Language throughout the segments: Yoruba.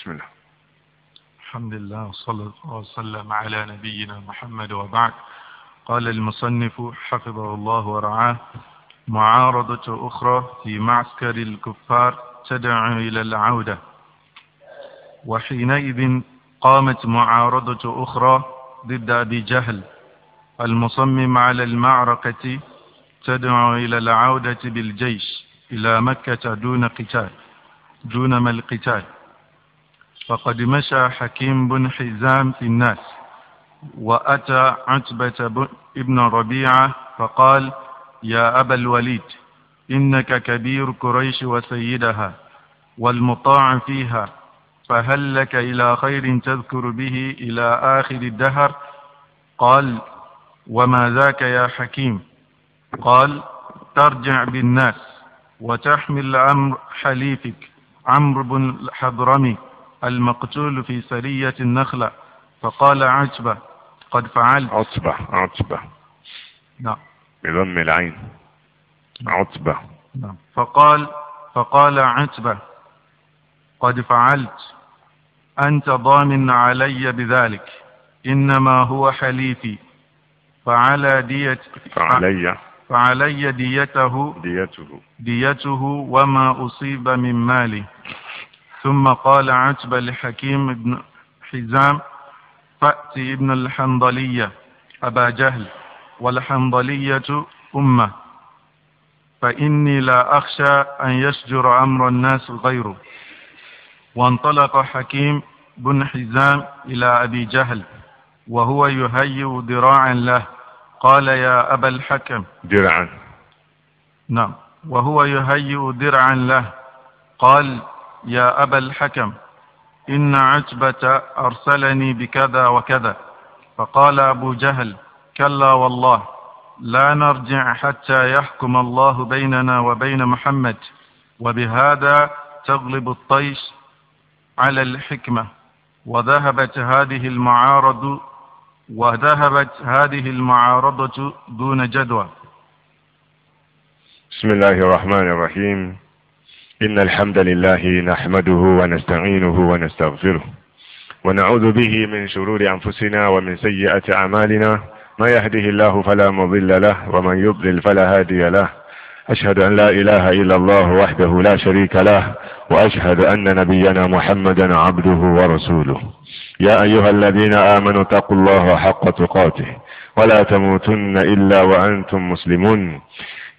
بسم الله الحمد لله وصلى الله وسلم على نبينا محمد وبعد قال المصنف حفظه الله ورعاه معارضة أخرى في معسكر الكفار تدعو إلى العودة وحينئذ قامت معارضة أخرى ضد أبي جهل المصمم على المعركة تدعو إلى العودة بالجيش إلى مكة دون قتال دون ما القتال فقد مشى حكيم بن حزام في الناس وأتى عتبة بن ربيعة فقال يا أبا الوليد إنك كبير قريش وسيدها والمطاع فيها فهل لك إلى خير تذكر به إلى آخر الدهر قال وما ذاك يا حكيم قال ترجع بالناس وتحمل أمر حليفك عمرو بن الحضرمي المقتول في سرية النخلة فقال عتبة قد فعلت عتبة عتبة نعم بضم العين نعم. عتبة نعم فقال فقال عتبة قد فعلت أنت ضامن علي بذلك إنما هو حليفي فعلى دية فعلي فعلي ديته ديته ديته وما أصيب من مالي ثم قال عتبة لحكيم بن حزام فأتي ابن الحنظلية أبا جهل والحنظلية أمة فإني لا أخشى أن يشجر أمر الناس غيره وانطلق حكيم بن حزام إلى أبي جهل وهو يهيئ ذراعا له قال يا أبا الحكم درعا نعم وهو يهيئ درعا له قال يا أبا الحكم إن عتبة أرسلني بكذا وكذا فقال أبو جهل كلا والله لا نرجع حتى يحكم الله بيننا وبين محمد وبهذا تغلب الطيش على الحكمة وذهبت هذه المعارض وذهبت هذه المعارضة دون جدوى بسم الله الرحمن الرحيم إن الحمد لله نحمده ونستعينه ونستغفره ونعوذ به من شرور أنفسنا ومن سيئة أعمالنا ما يهده الله فلا مضل له ومن يضلل فلا هادي له أشهد أن لا إله إلا الله وحده لا شريك له وأشهد أن نبينا محمدا عبده ورسوله يا أيها الذين آمنوا اتقوا الله حق تقاته ولا تموتن إلا وأنتم مسلمون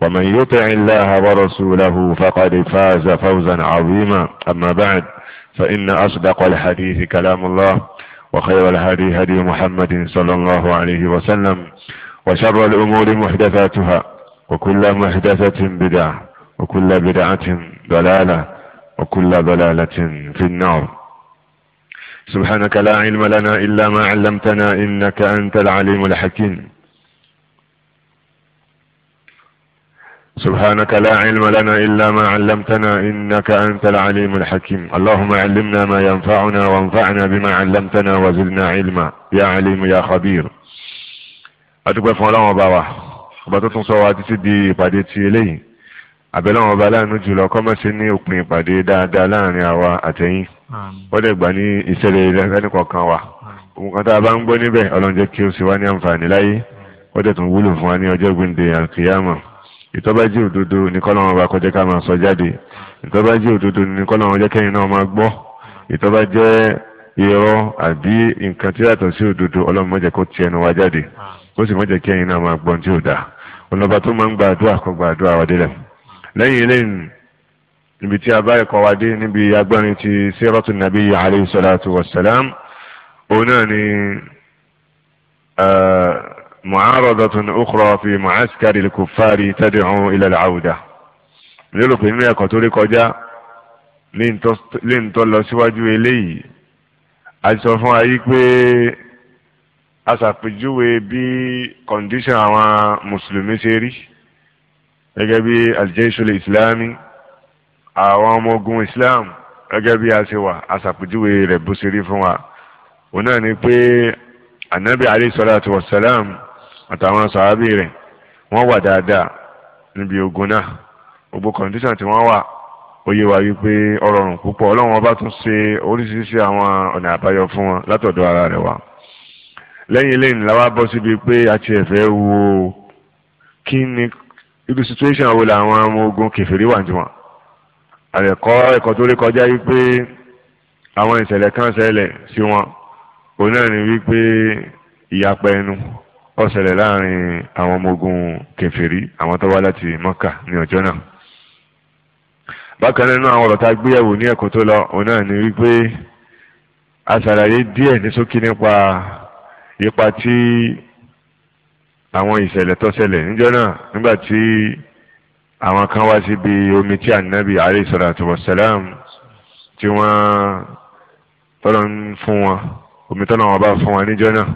ومن يطع الله ورسوله فقد فاز فوزا عظيما أما بعد فإن أصدق الحديث كلام الله وخير الهدي هدي محمد صلى الله عليه وسلم وشر الأمور محدثاتها وكل محدثة بدعة وكل بدعة ضلالة وكل ضلالة في النار سبحانك لا علم لنا إلا ما علمتنا إنك أنت العليم الحكيم سبحانك لا علم لنا إلا ما علمتنا إنك أنت العليم الحكيم اللهم علمنا ما ينفعنا وانفعنا بما علمتنا وزلنا علما يا عليم يا خبير أتقوى فلان وباوا وبتطن صواتي سدي باديتي إليه abẹ́lẹ́ wọn ọba aláàánú jùlọ kọ́ mọ̀ sí ní òpin ìpàdé dáadáa láàrin àwa àtẹ̀yìn wọ́n dẹ̀ gbà ní ìṣẹ̀lẹ̀ lẹ́nìkọ̀ọ̀kan wa òun kan tá a bá ń gbọ́ níbẹ̀ ọlọ́run jẹ́ kí ó sì wá ní àǹfààní láyé wọ́n dẹ̀ tún wúlò fún wa ní ọjọ́ gbìndé àkìyàmọ̀ ìtọ́bájí òdodo ní kọ́lọ́run wa kọjá ká máa sọ jáde ìtọ́bájí òdodo ní kọ́lọ́run jẹ́ kẹ́yìn náà máa gbọ́ ìtọ́bá jẹ́ irọ́ àbí nǹkan tí yàtọ̀ sí òdodo ọlọ́run má jẹ́ kó ti ẹnu wa jáde ó sì má jẹ́ kẹ́yìn náà máa gbọ́n tí ò dáa ọlọ́ba tó máa ń gba àdúrà kó gba àdúrà wa délẹ̀ lẹ́yìn eléyìí níbi tí a bá ẹ̀kọ́ معارضة أخرى في معسكر الكفار تدعو إلى العودة lérò pé nínú ẹ̀kọ́ tó rí kọjá lè ń tọ́ lọ síwájú eléyìí a sọ fún wa yí pé a ṣàpèjúwe bí kọ̀ǹdíṣàn àwọn mùsùlùmí ṣe rí gẹ́gẹ́ bí aljeshul islami àwọn ọmọ ogun islam gẹ́gẹ́ bí a ṣe wà a ṣàpèjúwe rẹ̀ bó ṣe rí fún wa òun náà ni pé anabi alayhi salatu wa salam àtàwọn sàábì rẹ̀ wọ́n wà dáadáa níbi ogun náà gbogbo kọ̀ǹdíṣàn tí wọ́n wà ó yé wa wípé ọ̀rọ̀ ọ̀rùn púpọ̀ ọlọ́run ọba tún ṣe oríṣiríṣi àwọn ọ̀nà àbáyọ fún wọn látọ̀dọ̀ ara rẹ̀ wa lẹ́yìn eléyìí la wá bọ́ síbi pé a ti ẹ̀fẹ́ wo kí ni irú situation wo làwọn ọmọ ogun kẹfìrí wà jùmọ̀ àlẹ́kọ́ ẹ̀kọ́ tó rí kọjá wípé àwọn ìṣẹ̀lẹ̀ kan ṣẹlẹ̀ sí wọn òun náà ni wípé ìyapẹ́ ó ṣẹlẹ̀ láàrin àwọn ọmọ ogun kèfèrí àwọn tó wá láti mọ́kà ní ọjọ́ náà bákan nínú àwọn ọ̀rọ̀ gbéyàwó ní ẹ̀kọ́ tó lọ òun náà ni wípé a ṣàlàyé díẹ̀ ní ṣókí nípa ipa tí àwọn ìṣẹ̀lẹ̀ tó ṣẹlẹ̀ níjọ́ náà nígbà tí àwọn kan wá síbi omi tí ànábì alayhi salatu wassalam tí wọ́n tọ́lọ́ ń fún wọn omi tọ́lọ́ wọn bá fún wọn níjọ́ náà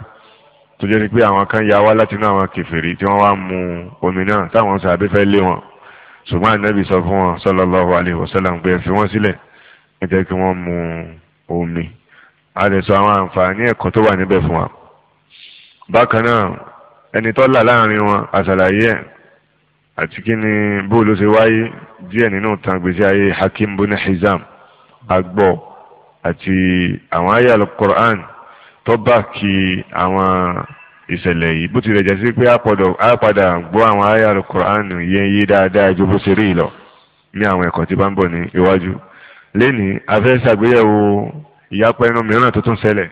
tó jẹ́ pé àwọn kan ya wá láti inú àwọn kèfèrí tí wọ́n wá mu omi náà táwọn sàbẹ́ fẹ́ lé wọn ṣùgbọ́n ànábì sọ fún wọn sallallahu alaihi wasallam pé fi wọ́n sílẹ̀ ẹ jẹ́ kí wọ́n mu omi a lè sọ àwọn àǹfààní ẹ̀kọ́ tó wà níbẹ̀ fún wa. bákan náà ẹni tó là láàrin wọn àṣàlàyé ẹ̀ àti kí ni bóòlù ṣe wáyé díẹ̀ nínú tàn gbèsè ayé Hakim bin Hizam àti àwọn àyà al tó bá kí àwọn ìṣẹ̀lẹ̀ yìí bó a padà gbọ́ àwọn àyà al iye yẹn yé dáadáa ju bó lọ ní àwọn ẹ̀kọ́ tí bá ń bọ̀ ní iwájú lẹ́nìí a ṣàgbéyẹ̀wò ìyapa ẹnu mìíràn tó tún ṣẹlẹ̀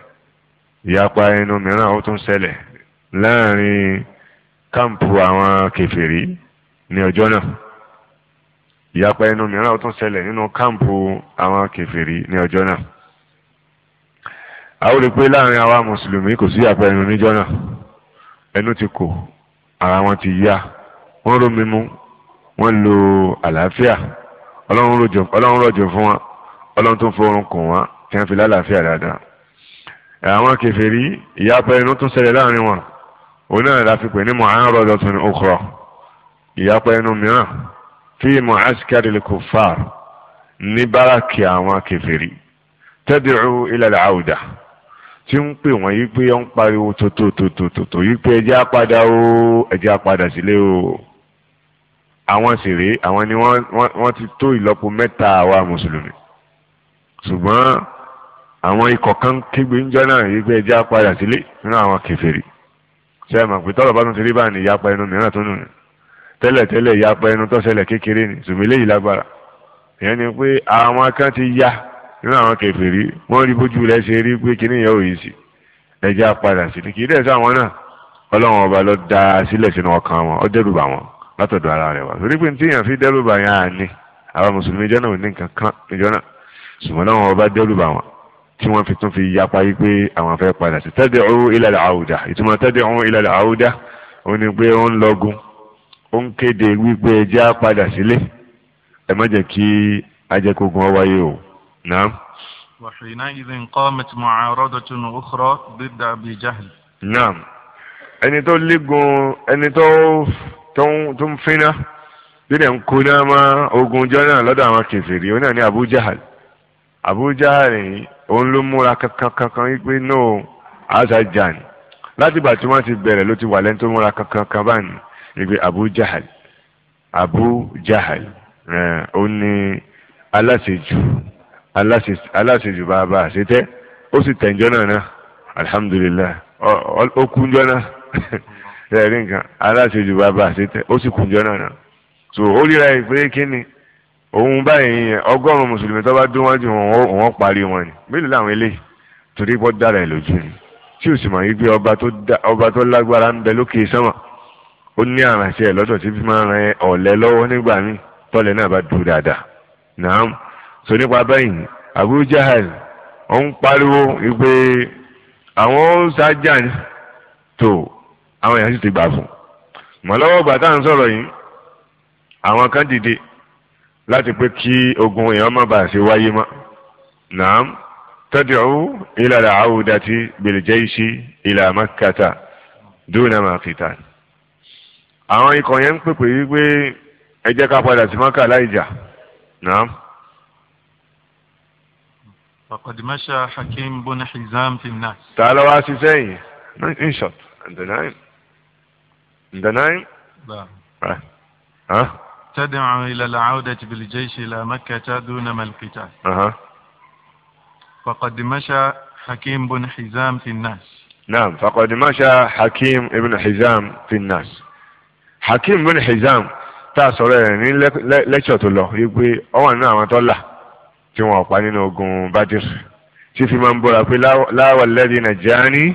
ìyapa ẹnu mìíràn ó tún ṣẹlẹ̀ láàrin káàmpù àwọn àwọn rí i pé láàrin àwa mùsùlùmí kò sí àpẹ ẹnu níjọ́ náà ẹnu ti kò ara wọn ti yá wọ́n rómi mu wọ́n lo àlàáfíà ọlọ́run rọ̀jò fún wọn ọlọ́run tó ń forun kùn wọn tí wọ́n fi lálàáfíà dáadáa àwọn kèfèrí ìyapa ẹnu tún ṣẹlẹ̀ láàrin wọn òun náà la pè ní mu'aradatun ukhra ìyapa ẹnu mìíràn fi mu'askaril kuffar ní báràkì àwọn kèfèrí tad'u ila al tí ń pè wọ́n yìí pé ó ń pariwo tòtòtòtòtò yìí pé ẹjẹ́ apádà o ẹjẹ́ apádà sílé o àwọn sì rèé àwọn ni wọ́n ti tó ìlọ́po mẹ́ta àwa mùsùlùmí ṣùgbọ́n àwọn ikọ̀ kan kígbe ń jọ́nà yìí pé ẹjẹ́ apádà sílé nínú àwọn kèfèrí ṣe é mọ̀ pé tọ́lọ̀ bá tún ti rí báyìí ìyapa ẹnu mìíràn tó nù ní tẹ́lẹ̀tẹ́lẹ̀ ìyapa ẹnu tó kékeré ni ṣùgbọ́n eléyìí lágbára ìyẹn ni pé àwọn kan ya nínú àwọn kèfèrí wọ́n rí bójú rẹ̀ ṣe rí pé kíní yẹn ò yìí sí ẹjẹ́ apadà sí ni kì í dẹ̀ sáwọn náà ọlọ́run ọba ló dá sílẹ̀ sínú ọkàn wọn ó dẹ́rùbà wọn látọ̀dọ̀ ara rẹ̀ wá torí pé tíyàn fi dẹ́rùbà yẹn á ní àwọn mùsùlùmí jọ́nà ò ní nǹkan kan níjọ́ náà ṣùgbọ́n ọlọ́run ọba dẹ́rùbà wọn tí wọ́n fi tún fi yapa yí pé àwọn fẹ́ padà sí tad'u ila al-awda ìtumọ̀ tad'u ila al-awda ó ní pé ó ń lọ́gun ó ń kéde wípé ẹjẹ́ á padà sílé ẹ má jẹ́ kí ajẹ́kógun ọ wáyé o نعم وحينئذ قامت معارضة أخرى ضد أبي جهل نعم ẹni tó légun ẹni tó tó ń fínná dídẹ̀ ń kuná mọ́ ogun jọ́nà lọ́dọ̀ àwọn kẹfìrí ó náà ní Abu Jahal Abu Jahal òun ló múra kankan kankan wípé no azajan láti ìgbà tí wọ́n ti bẹ̀rẹ̀ ló ti wà lẹ́ni tó múra kankan kan báyìí wípé Abu Jahal Abu Jahal eh, òun ni aláṣejù aláṣejù bá a bá a ṣe tẹ́ ó sì tẹ̀ ǹjọ́ náà náà alihamudulilayi ó kú ǹjọ́ náà ẹ̀rí nǹkan aláṣejù bá a bá a ṣe tẹ́ ó sì kú ǹjọ́ náà náà so ó ríra ẹ̀ pé kí ni òun báyìí yẹn ọgọ́rùn-ún mùsùlùmí tó bá dún wájú wọn wọn parí wọn ni mélòó làwọn eléyìí torí bọ́ dára ẹ̀ lójú ni tí o sì mọ̀ wípé ọba tó lágbára ń bẹ lókè sánmà ó ní àrànṣe ẹ̀ lọ́dọ̀ tí fi máa ran ọ̀lẹ lọ́wọ́ nígbà míì tọ́lẹ̀ náà bá dúró dáadáa nàám sọ nípa báyìí Abu Jahal ó ń pariwo wípé àwọn ó sájà tó àwọn èèyàn sì ti gbà fún mọ̀lọ́wọ́ gbà tá à ń sọ̀rọ̀ yìí àwọn kan dìde láti pé kí ogun èèyàn má bàa ṣe wáyé mọ́ nàám tad'u ila al-'awdati bil-jayshi ila Makkata duna ma qital. àwọn ikọ̀ yẹn ń pèpè wípé ẹ jẹ́ ká padà sí Mákà láìjà nàám. فقد مشى حكيم بن حزام في الناس تعال واسي زي انشط انت نايم انت نايم لا ها آه. أه؟ تدعو الى العوده بالجيش الى مكه دون ما القتال اها فقد مشى حكيم بن حزام في الناس نعم فقد مشى حكيم ابن حزام في الناس حكيم بن حزام tá يعني لك ẹ̀ ní يقول tó نعم yìí tí wọn pa nínú ogun Badr tí fi máa ń búra pé láwà lẹ́dí nàìjíríàní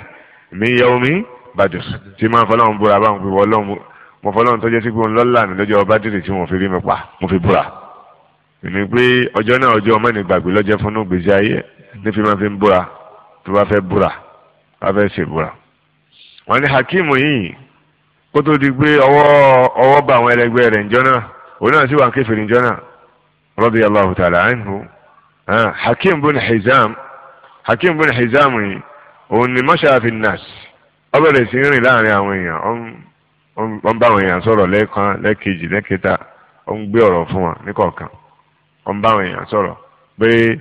mi yẹ omi Badr tí máa ń fọlọ́run búra báwọn fi wọ́ lọ́hùn mo fọlọ́run tó jẹ́ sí pé òun lọ́la mi lọ́jọ́ Badr tí wọ́n fi rí mi pa mo fi búra ìní pé ọjọ́ náà ọjọ́ ọmọ ní gbàgbé lọ́jọ́ fún ní gbèsè ayé ní fi máa fi ń búra tó bá fẹ́ búra bá fẹ́ ṣe búra. wọ́n ní Hakeem yìí kó tó di pé ọwọ́ ọwọ́ bá àwọn ẹlẹgbẹ́ rẹ̀ ńjọ́ hakim bin hizam hakim bin ni mọ́ṣáláfi nas ó bẹ̀rẹ̀ sí rìn láàrin àwọn èèyàn ó ń bá àwọn èèyàn sọ̀rọ̀ lẹ́ẹ̀kan lẹ́ẹ̀kejì lẹ́ẹ̀kẹta ó ń gbé ọ̀rọ̀ fún wọn níkọ̀ọ̀kan ó ń bá àwọn èèyàn sọ̀rọ̀ pé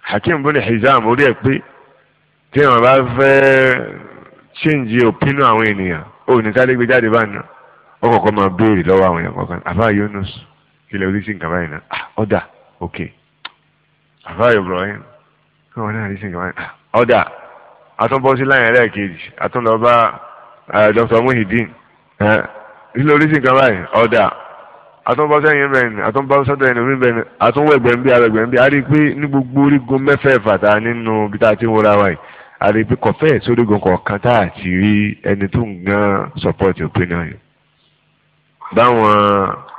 hakim kílẹ̀ orí sí nǹkan báyìí náà ọ̀dà ok àfáà Ibrahim kí wọ́n náà rí sí nǹkan báyìí ọ̀dà àtúnbọ́sí láyìn ẹlẹ́ẹ̀kejì àtúnlọ́ba Dr. Muhyiddin kílẹ̀ orí sí nǹkan báyìí ọ̀dà àtúnbọ́sí ẹ̀yìn bẹ́ẹ̀ ni àtúnbọ́sí ọ̀dọ̀ ẹ̀yìn omi bẹ́ẹ̀ ni àtúnwẹ̀gbẹ̀ ń bí abẹ́gbẹ̀ ń bí a rí i pé ní gbogbo orígun mẹ́fẹ̀ẹ̀fà tá a nínú bí tá a ti ń wọra wáyìí a rí i pé kọ̀fẹ́ẹ̀ sórígun kọ̀ọ̀kan tá a ti rí ẹni tó ń gan support òpin náà yìí báwọn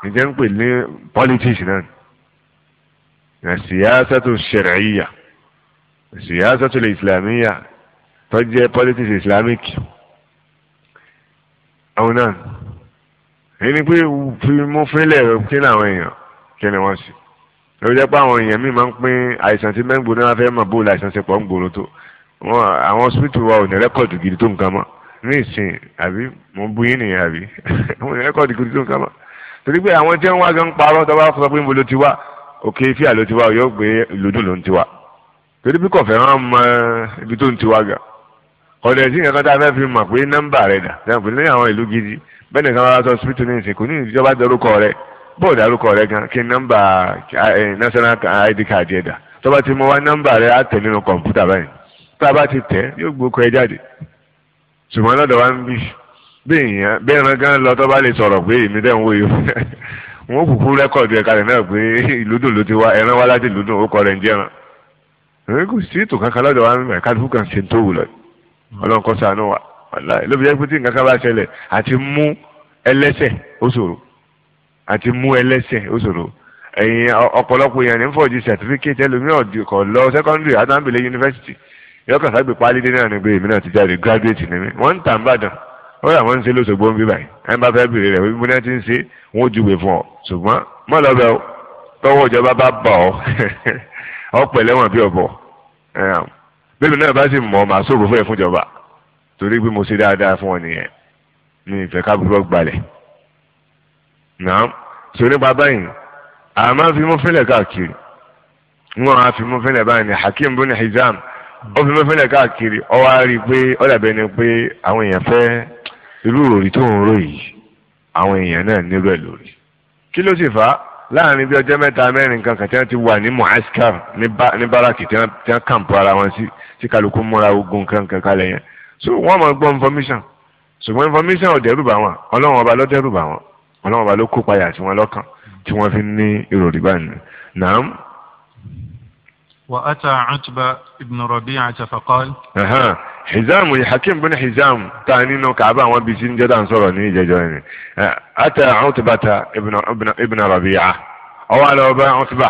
ǹjẹ́ ń pè ní politics náà ní siyasatu shar'iyya siyasatu islamiyya tó jẹ́ politics islamic àwọn náà èyí ni pé fi mú fílẹ̀ kí ni àwọn èèyàn kí ni wọ́n sì lórí jẹ́ pé àwọn èèyàn míì máa ń pín àìsàn tí mẹ́ngbò náà fẹ́ mọ̀ bóòlù àìsàn ṣe pọ̀ ń gbòòrò tó àwọn hospital wa ò ní rẹ́kọ̀dù gidi tó nǹkan mọ́ ní ìsìn àbí mo bu yín nìyẹn àbí mo ní rẹ́kọ̀dì kò tó nǹkan mọ́ torí pé àwọn tí wọ́n wá gan parọ́ tó bá sọ pé mo ló ti wá òkè fíà ló ti wá yóò gbé lódùn ló ń ti wá torí bí kò fẹ́ràn mọ ibi tó ń ti wá gan ọ̀dẹ̀ tí nǹkan tá a fẹ́ fi mọ̀ pé nọ́mbà rẹ̀ dà dáhùn pé ní àwọn ìlú gidi bẹ́ẹ̀ nìkan wá sọ spiritu ní ìsìn kò ní ìjọba darúkọ rẹ bọ́ọ̀ darúkọ rẹ gan kí nọ́mbà eh, national id card yẹ dà tó bá ti mọ wá nọ́mbà rẹ á tẹ̀ nínú kọ̀ǹpútà báyìí tá a bá ti tẹ̀ yóò gbókò ẹ jáde ṣùgbọ́n lọ́dọ̀ wa ń bì bí èèyàn bí ẹran gan lọ tó bá lè sọ̀rọ̀ pé èmi dẹ̀ ń wò yìí wọn kúkú rẹ́kọ̀dù ẹ̀ka rẹ̀ náà pé ìlúdùn ló ti wá ẹran wá láti ìlúdùn ó kọ rẹ̀ ń jẹ́ran èmi kò sí ètò kankan lọ́dọ̀ wa ń bì káàdùkú kan ṣe ń tó wù lọ ọlọ́run kọ́ sànú wa ló fi jẹ́ pé tí nǹkan kan bá ṣẹlẹ̀ àti mú ẹlẹ́sẹ̀ ó ṣòro àti mú ẹlẹ́sẹ̀ ó ṣòro ẹ̀yin ọ̀pọ̀lọpọ̀ èèyàn ní fọ́ọ̀jì certificate ẹlòmíràn kọ̀ lọ secondary àtàǹbẹ̀lẹ̀ university yọkàn ságbè pálídé náà ni pé èmi náà ti jáde graduate ni mí wọ́n ń tà ń bàdàn ó yà wọ́n ń ṣe lóṣogbo ń bí báyìí ẹni bá fẹ́ bèrè rẹ̀ wípé náà ti ń ṣe wọ́n ó júwe fún ọ ṣùgbọ́n mọ́ lọ́bẹ̀ o tọ́wọ́ ìjọba bá bà ọ́ ọ pẹ̀lẹ́wọ̀n bí ọ̀bọ̀ bẹ́ẹ̀ náà bá sì mọ̀ ọ́ màá sòrò fún ẹ̀ fún ìjọba torí pé mo ṣe dáadáa fún ọ Hakim bin Hizam ó fi fẹ́fẹ́lẹ̀ káàkiri ó wá rí i pé ó dàbẹ́ ni pé àwọn èèyàn fẹ́ irú òrì tó ń rò yìí àwọn èèyàn náà nírú ẹ̀ lórí kí ló sì fà á láàrin bí ọjọ́ mẹ́ta mẹ́rin kan kan tí wọ́n ti wà ní muhaskar ní báràkì tí wọ́n kàǹpù ara wọn sí tí kálukú múra ogun kankan kalẹ̀ yẹn so wọ́n máa gbọ́ information ṣùgbọ́n information ò dẹ́rù bà wọ́n ọlọ́run ọba ló dẹ́rù bà wọ́n ọlọ́run ọba ló kó payà sí wọn lọ́kàn tí wọ́n fi ní ìròrí báyìí nàám وأتى عتبة بن ربيعة فقال أها حزام الحكيم بن حزام تاني نو كعبان وبيسين جدا صورة نيجا جواني أتى عتبة ابن ابن ابن ربيعة أو على أبا عتبة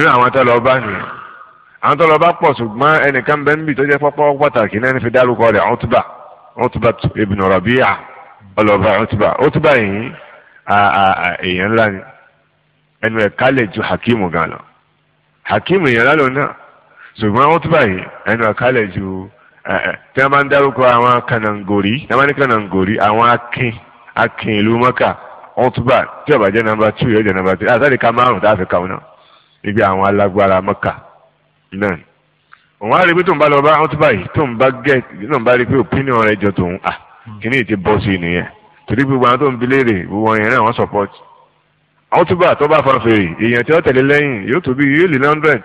هنا ما تلو أباني àwọn tó lọ bá pọ̀ ṣùgbọ́n ẹnìkan bẹ́ẹ̀ níbi tó jẹ́ pọ́pọ́ pàtàkì náà ní fi dárúkọ hakim yẹn lálọ́ náà ṣùgbọ́n wọ́n tún báyìí ẹnu àkálẹ̀ ju tí wọ́n bá ń dárúkọ àwọn kanangori tí wọ́n bá ní kanangori àwọn akin akin ìlú mọ́kà wọ́n tún bá tí ó jẹ́ nàmbà two yóò jẹ́ nàmbà three àtàdé ká márùn tá a fi kàwọn náà níbi àwọn alágbára mọ́kà náà òun á rí pé tó ń bá lọ bá wọ́n tún báyìí tó ń bá gẹ̀ náà bá rí pé opinion rẹ̀ jọ tòun à hmm. kíní ti bọ́ sí nìyẹn torí gbogbo àwọn tó ń bi léèrè gbogbo yẹn náà wọ́n support àwọn tó bá tó bá fa fèrè èèyàn tí wọ́n tẹ̀lé lẹ́yìn yóò tó bí yóò lè hundred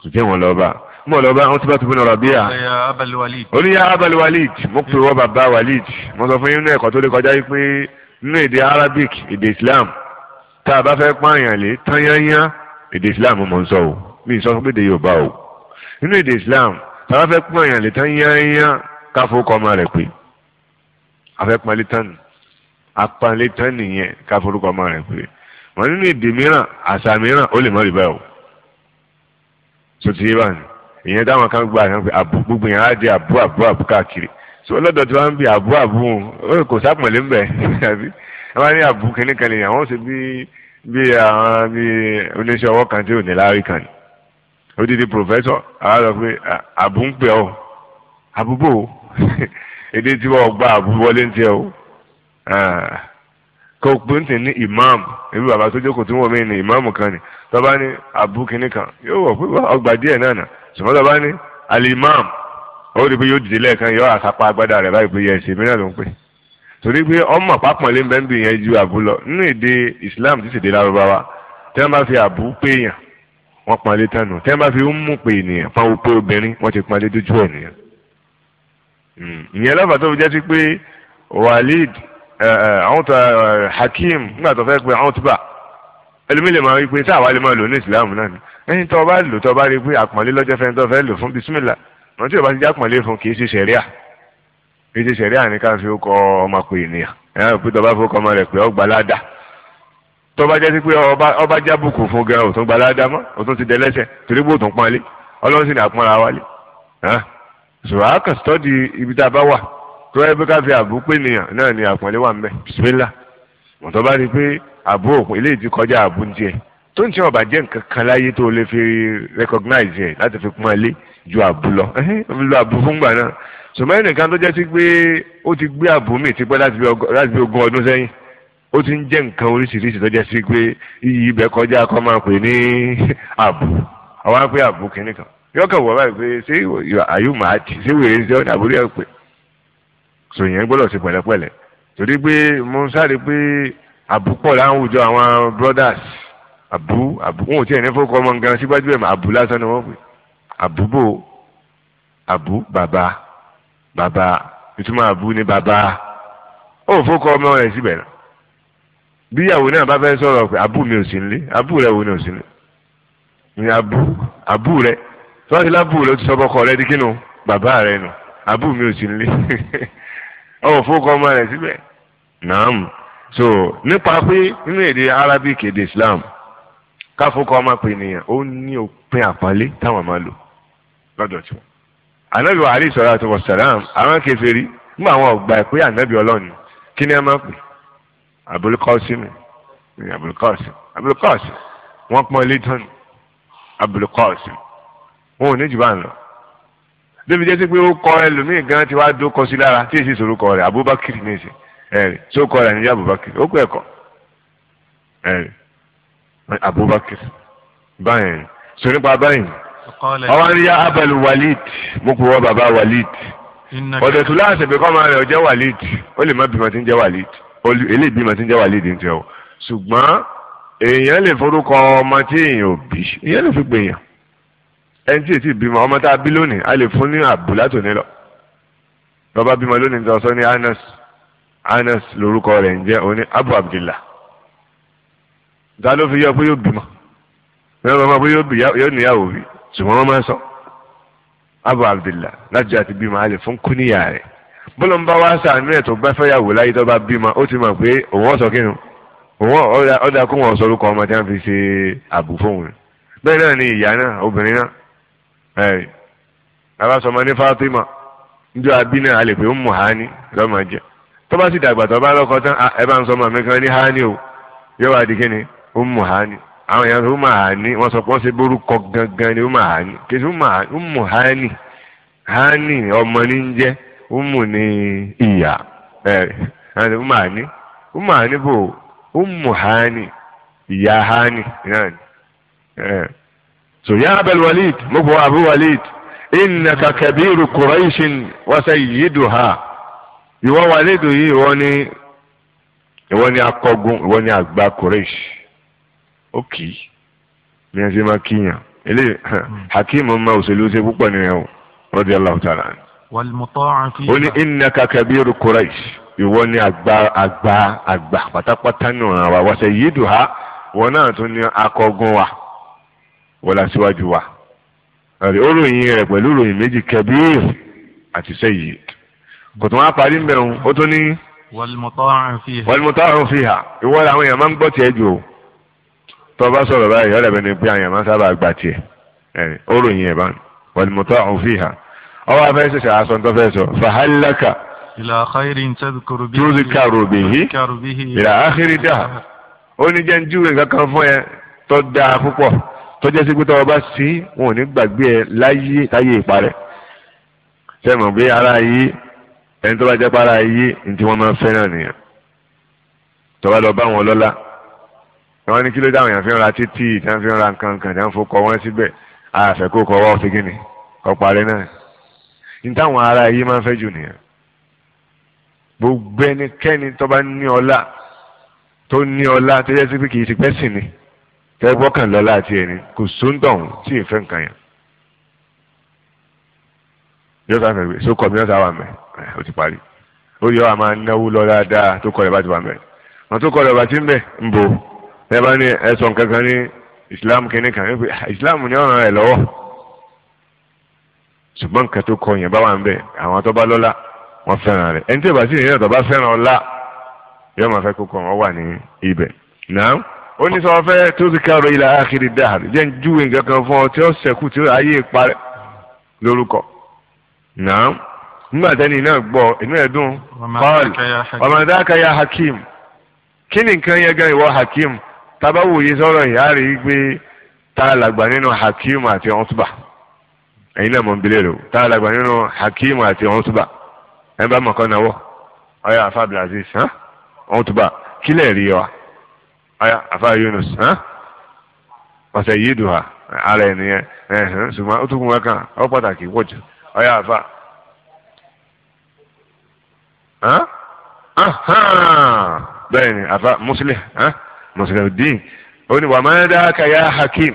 kò jẹ́ wọn lọ́ba mo lọ bá àwọn tó bá tó bínú rabia oníyà abali walid mo pè wọ́n bàbá walid mo sọ fún yín nínú ẹ̀kọ́ tó lè kọjá yìí pé nínú èdè arabic èdè islam tá a bá fẹ́ pààyàn lé tányányá èdè islam mo ń sọ o mi sọ fún èdè yorùbá o nínú èdè islam tá a bá fẹ́ pààyàn lé tányányá káfó kọ́ ọmọ rẹ̀ pé a fẹ́ pààyàn lé tánu apalẹ tán nìyẹn ká forúkọ ọmọ rẹ pé wọn nínú èdè mìíràn àṣà mìíràn ó lè mọ rí báyìí o sotí yé báyìí ìyẹn táwọn kan gba àyàn pé àbú gbogbo yẹn á di àbú àbú àbú káàkiri so lọ́dọ̀ tí wọ́n ń bi àbú àbú o kò sápọ̀lé ń bẹ̀ àbí wọ́n ní àbú kínní kan lèyàn wọ́n sì bí bí àwọn bí oníṣẹ́ ọwọ́ kan tí ò ní láárí kan odidi pòfẹ́sọ̀ àwọn sọ pé àbú ń pẹ́ ọ àbúbò èdè tí wọ́n gba àbú wọlé ń tẹ́ ọ. Ah. kò pínpín ní imam ibi bàbá tó jókòó tí wọ́n mí ní imam kan ni tọ́ba ní abu kìíní kan yóò wọ̀ pé ọgbà díẹ̀ náà nà ṣùgbọ́n tọ́ba ní alimam ó rí i pé yóò dìde lẹ́ẹ̀kan yóò àsapá agbádá rẹ̀ báyìí pé yẹ ẹ̀sìn mìíràn ló ń pè torí pé ọmọ pápọ̀lé ń bẹ́ẹ̀ ń bì yẹn ju àbú lọ nínú èdè islam ti ṣèdè lárúbáwá tí wọ́n bá fi àbú péyàn wọ́n pọ́nlé tánu tí wọ́n bá fi ń mú pé ènìyàn pọ́n pé obìnrin wọ́n ti pọ́nlé dójú ẹ̀ nìyẹn hmm. ìyẹn lọ́fà tó fi jẹ́ sí pé walid àwọn tó hakim nígbà tó fẹ́ pé àwọn tó bá ẹlòmíì lè máa rí pé tá àwa lè máa lò ní ìsìláàmù náà ni ẹni tó bá lò tó bá rí pé àpọ̀nlé lọ́jọ́ fẹ́ tó fẹ́ lò fún bisimilá wọn tí ò bá ti já pọ̀nlé fún kì í ṣe sẹ̀ríà kì í ṣe sẹ̀ríà ní ká fi ó kọ ọmọ pé ènìyàn ẹ̀yà rò pé tó bá fọ́ ọmọ rẹ̀ pé ọgbà ládà tó bá jẹ́ sí pé ọba jábùkù fún gan òtún gbà ládà mọ́ òtún ti dẹ́lẹ́sẹ̀ torí bó òtún pọ́nlé tó yẹ pé ká fi àbú pé nìyàn náà ni àpọ̀nlé wà ńbẹ bisimilá mọ̀tọ́ bá rí i pé àbú òkun ilé ìdí kọjá àbú ń tiẹ̀ tó ń tiẹ̀ ọ̀bà jẹ́ nǹkan kan láyé tó lè fi recognize ẹ̀ láti fi pọ́n alé ju àbú lọ ń lo àbú fúngbà náà sọmọ́yìn nìkan tó jẹ́ sí pé ó ti gbé àbú mi ti pẹ́ láti bí ogún ọdún sẹ́yìn ó ti ń jẹ́ nǹkan oríṣiríṣi tó jẹ́ sí pé iyì ibẹ̀ kọjá kọ́ máa pè ní àbú àwọn á pé àbú kìnnìkan yọkàn wọ báyìí pé ṣé àyùmọ̀ àti ṣé wèrè ń ọ̀nà àbúrò ẹ̀ pé sòyìn ẹ gbọ́dọ̀ ṣe pẹ̀lẹ́pẹ̀lẹ́ torí pé mo sáré pé àbúpọ̀ láwùjọ àwọn brothers àbú àbú wọn ò tiẹ̀ ní fọkọ ọmọ nǹkan síwájú ẹ̀ àbú lásán ni wọ́n pè àbúbò àbú bàbá bàbá ìtumọ̀ àbú ni bàbá ó fọkọ ọmọ rẹ̀ síbẹ̀ náà bíyàwó náà bá fẹ́ sọ̀rọ̀ pé àbú mi ò sí nílé àbú rẹ̀ wo ni ò sí nílé ni àbú àbú rẹ̀ tí wọ́n ti lábú rẹ̀ ó ti sọ ọkọ rẹ̀ di kínú bàbá rẹ̀ nù àbú mi ò sí nílé ọ̀ fowókọ ọmọ rẹ̀ síbẹ̀ naam so nípa pé nínú èdè Arabic èdè Islam káfowókọ ọmọ pè nìyẹn ó ní òpin àpọ́nlé táwọn máa lò lọ́dọ̀ tí wọn. ànábì wàhálì sọ̀rọ̀ àti wọ̀sálàm àwọn kèfèrí nígbà àwọn ọ̀gbà ẹ̀ pé ànábì ọlọ́ọ̀ni kí ni ẹ máa pè Abul Qasim Abul Qasim Abul Qasim wọ́n pọ́n létọ́nù Abul Qasim wọn ò ní jù bá débi jẹ́ sí pé ó kọ ẹlòmíì gan ti wá dó kọ sí lára tí èsì sòrò kọ rẹ̀ Abubakar ní ìsìn ẹ̀rì tí ó kọ rẹ̀ níjẹ́ Abubakar ó kọ ẹ̀kọ́ ẹ̀rì Abubakar báyìí sọ nípa báyìí ọwọ́ ní yá abẹ́lú Walid mo pè wọ́n bàbá Walid ọ̀dẹ̀ tó láàṣẹ pé kọ́mọ rẹ̀ ọ̀jẹ́ Walid ó lè má bímọ tí ń jẹ́ Walid èlé ìbímọ tí ń jẹ́ Walid ń tẹ ọ ṣùgbọ́n èèyàn lè forúkọ ọmọ tí èèyàn ò èèyàn lè fi pè ẹni tí èsì bímọ ọmọ tá a bí lónìí a lè fún ní àbù látòní lọ bàbá bímọ lónìí tó sọ ní Anas Anas lórúkọ rẹ̀ ń jẹ́ oní Abu Abdillah ta ló fi yọ pé yóò bímọ yọ bàbá pé yóò bí yóò níyàwó bí ṣùgbọ́n wọ́n máa sọ Abu Abdillah láti jẹ́ àti bímọ a lè fún kúníyà rẹ̀ bọ́lá ń bá wá sàánú ẹ̀ tó bá fẹ́ yàwó láyé tó bá bímọ ó ti mọ̀ pé òun ọ̀sọ́ kí ni òun ọ̀dà kó wọn sọ orúkọ ọmọ tí wọ́n fi ṣe àbù fóun bẹ́ẹ̀ náà ni ìyá náà obìnrin náà ẹ̀rí bàbá sọmọ ní Fatima njọ abínà alẹ pé mú hání lọ́mọ jẹ sì dàgbà tọ́ba lọ́kọ tán ẹ bá ń sọmọ mi kan ní hání o yóò wá di kíni ó mú hání àwọn èèyàn mú hání wọn sọ pé wọn ṣe borúkọ gangan ni ó mú hání mú hání hání ọmọ ní ń jẹ mú ní ìyá mú hání mú hání bò mú hání ìyá hání náà so ya abel walid mo bọ abu walid innaka kabiru quraishin wa sayyiduha ìwọ walidu yìí ìwọ ni ìwọ ni akọgun ìwọ ni àgbà quraish ó kì í bí wọn ṣe máa kíyàn ilé hakim ma òṣèlú ṣe púpọ̀ nìyẹn o radiyallahu ta'ala. ó ní innaka kabiru quraish ìwọ ni àgbà àgbà àgbà pátápátá nù wa wa sayyiduha wọn náà tún ní akọgun wa wọlá síwájú wa ó ròyìn rẹ̀ pẹ̀lú ròyìn méjì kẹbíir àti sẹ́yìd kò tó wá parí mẹ́rin ó tó ní. wàlmùtọ́rùn fi hà ìwọ làwọn èèyàn máa ń gbọ́ tiẹ̀ jù o tó bá sọ̀rọ̀ báyìí ọ̀rẹ́ bẹni pé àwọn èèyàn máa ń sábà gbà tiẹ̀ ó ròyìn ẹ̀ báyìí wàlmùtọ́rùn fi hà ọwọ́ afẹ́ ṣẹ̀ṣẹ̀ aṣọ tó fẹ́ sọ fàhálàkà. ìlà àkàrí ìlà àkàrí ó ní jẹ́ ń júwe nǹkan fún ẹ tó dáa púpọ̀ tọ́jẹ́ sí pé tọ́wọ́ bá sí wọn ò ní gbàgbé ẹ láyé táyé ìparẹ́ sẹ́mu pé ara yìí ẹni tó bá jẹ́ para yìí ní tí wọ́n máa fẹ́ràn nìyẹn tọ́wọ́ lọ bá wọn lọ́la wọn ní kí ló dáhùn yẹn fi ń ra títì tí wọ́n fi ń ra nǹkan kan tí wọ́n fò kọ́ wọn síbẹ̀ àfẹ́ kó kọ́ wọ́n fi gíní kọ́ parẹ́ náà ní táwọn ara yìí máa fẹ́ jù nìyẹn gbogbo ẹnikẹ́ni tó bá ní ọlá tó ní ọlá tó sí pé kì í ti pẹ́ sí ni tẹ́gbọ́ kàn lọ́la àti ẹni kò sóńdọ̀n tí èèfẹ́ nǹkan yẹn yóò ká fẹ́ gbé sókọ̀ mi ọ̀sà wà mẹ́ ó ti parí ó yọ àmà náwó lọ dáadáa tó kọ́ ẹ̀ ti wà mẹ́ wọn tó kọ́ ẹ̀ ti ń bẹ̀ ń bo ẹ bá ní ẹ̀sọ̀ kankan ní Islam kìíní kan ẹ pé ah, Islam ní ọ̀ràn ẹ̀ lọ́wọ́ ṣùgbọ́n nǹkan tó kọ yẹn bá wà ń bẹ̀ àwọn tó bá lọ́la wọ́n fẹ́ràn rẹ̀ ẹni tí ìbá sì ní tó bá ó ní sọ fẹ́ tó ti kárò ilà ákìrì dáhàrì jẹ́ ń júwe nǹkan kan fún ọ tí ó sẹ́kù tí ó ayé parẹ́ lórúkọ náà nígbà tẹ́ni náà gbọ́ inú ẹ̀ dùn paul ọmọdáka ya hakim kí ni nǹkan yẹn gan ìwọ hakim tábàwòye sọ̀rọ̀ ìyá rẹ̀ yí pé tá a làgbà nínú hakim àti ọ̀túbà ẹ̀yin náà mọ̀ nbílẹ̀ rẹ̀ o tá a làgbà nínú hakim àti ọ̀túbà ẹ̀ bá mọ̀kànnà wọ̀ ọ̀yà afábìlà aziz ọ̀túbà kílẹ̀ rí wa. Aya, afa Yunus haa! Pas ihe yedu haa! Ala enyi ya eheh, eh, suma utu kumakan o pataki wọchị, oya afa. Haa! Ahaa! Ben afa muslim haa! Muslim din! Onye oh, bu a ma eda ya hakim!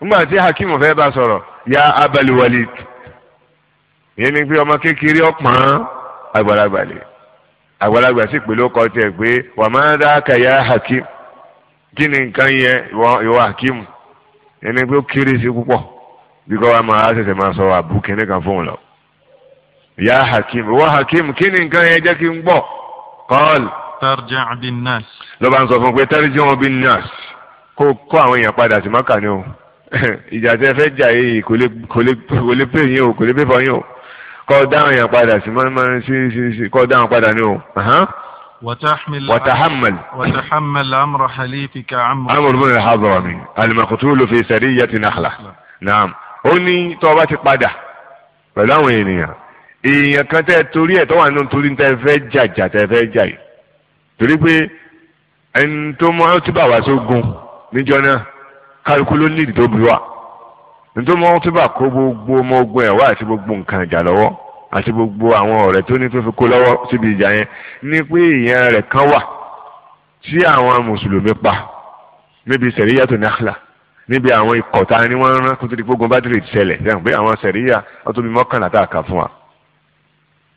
Mgbe a ti hakim ofe ebe a sọrọ, ya abaliwali! Ya enyi gboo ọ ma kekiri ọ kpọọọ, agbalị agbalị. àgbàlagbà sì pè ló kọ tiẹ̀ pé wà máa dá kàyà hakim kí ni nǹkan yẹn ìwọ hakim ẹni pé ó kéré sí púpọ̀ bí kò wá máa ṣẹ̀ṣẹ̀ máa sọ àbú kínní kan fóun lọ. ya hakim ìwọ hakim kí ni nǹkan yẹn jẹ́ kí n gbọ́ kọ́ọ̀l. tarja bin nas. ló ń sọ fún un pé tarja bin nas kó kó àwọn èèyàn padà sí mọ́kà o ìjà tẹ́ fẹ́ jà yìí kò lè pè yín o kò lè pè fọ́ yín o kọ́ dáhùn yẹn padà sí mọ́nmọ́n sí sí sí kọ́ dáhùn padà ní o. وتحمل وتحمل وتحمل امر حليفك عمرو عمرو بن الحضرمي المقتول في سريه نخله نعم ó ní tó bá ti padà pẹ̀lú àwọn ènìyàn èèyàn kan tẹ́ torí ẹ̀ tó wà nínú torí tẹ́ fẹ́ jàjà tẹ́ fẹ́ jà yìí torí pé ẹni tó mọ́ ọtí bàwá sógun níjọ náà kálukú ló nídìí tó bí wà nítorí wọn tó bá kó gbogbo ọmọ ogun ẹ̀ wá àti gbogbo nǹkan ìjà lọ́wọ́ àti gbogbo àwọn ọ̀rẹ́ tó ní tó fi kó lọ́wọ́ síbi ìjà yẹn ní pé ìyẹn rẹ̀ kan wà tí àwọn mùsùlùmí pa níbi sẹ̀ríyà tó ní àkàlà níbi àwọn ikọ̀ tá a ní wọ́n rán kó tó di bádìrì ṣẹlẹ̀ sẹ́yìn pé àwọn sẹ̀ríyà ọtún bíi mọ́kànlá tá a kà fún wa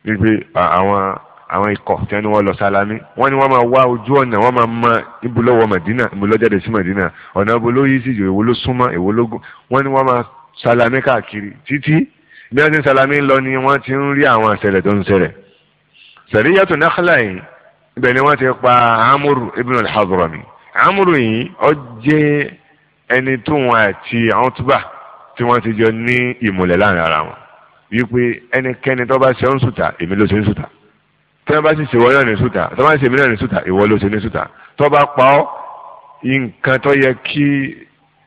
níbi àwọn àwọn ikọ̀ tí wọ́n ní wọ́n lọ sálámí wọ́n ní wọ́n máa wá ojú ọ̀nà wọ́n máa ma ibùlọ́wọ́ màdínà ibùlọ́jáde sí màdínà ọ̀nà ibùlọ́ yìí sì jù èwo ló súnmọ́ èwo ló gùn wọ́n ní wọ́n máa sálámí káàkiri títí bí wọ́n ti ń sálámí lọ ni wọ́n ti ń rí àwọn àṣẹlẹ̀ tó ń ṣẹlẹ̀ Sariyatu Nakhla yìí ibẹ̀ ni wọ́n ti pa Amuru ibn al-Hadrami Amuru yìí ó jẹ́ ẹni tóun àti àwọn túbà tí wọ́n ti jọ ní ìmùlẹ̀ láàrin ara tí wọ́n bá sì ṣèwọ́ náà ní sùtà tí wọ́n bá sì ṣèmí náà ní sùtà ìwọ ló ṣe ní sùtà tó bá pa ọ́ nǹkan tó yẹ kí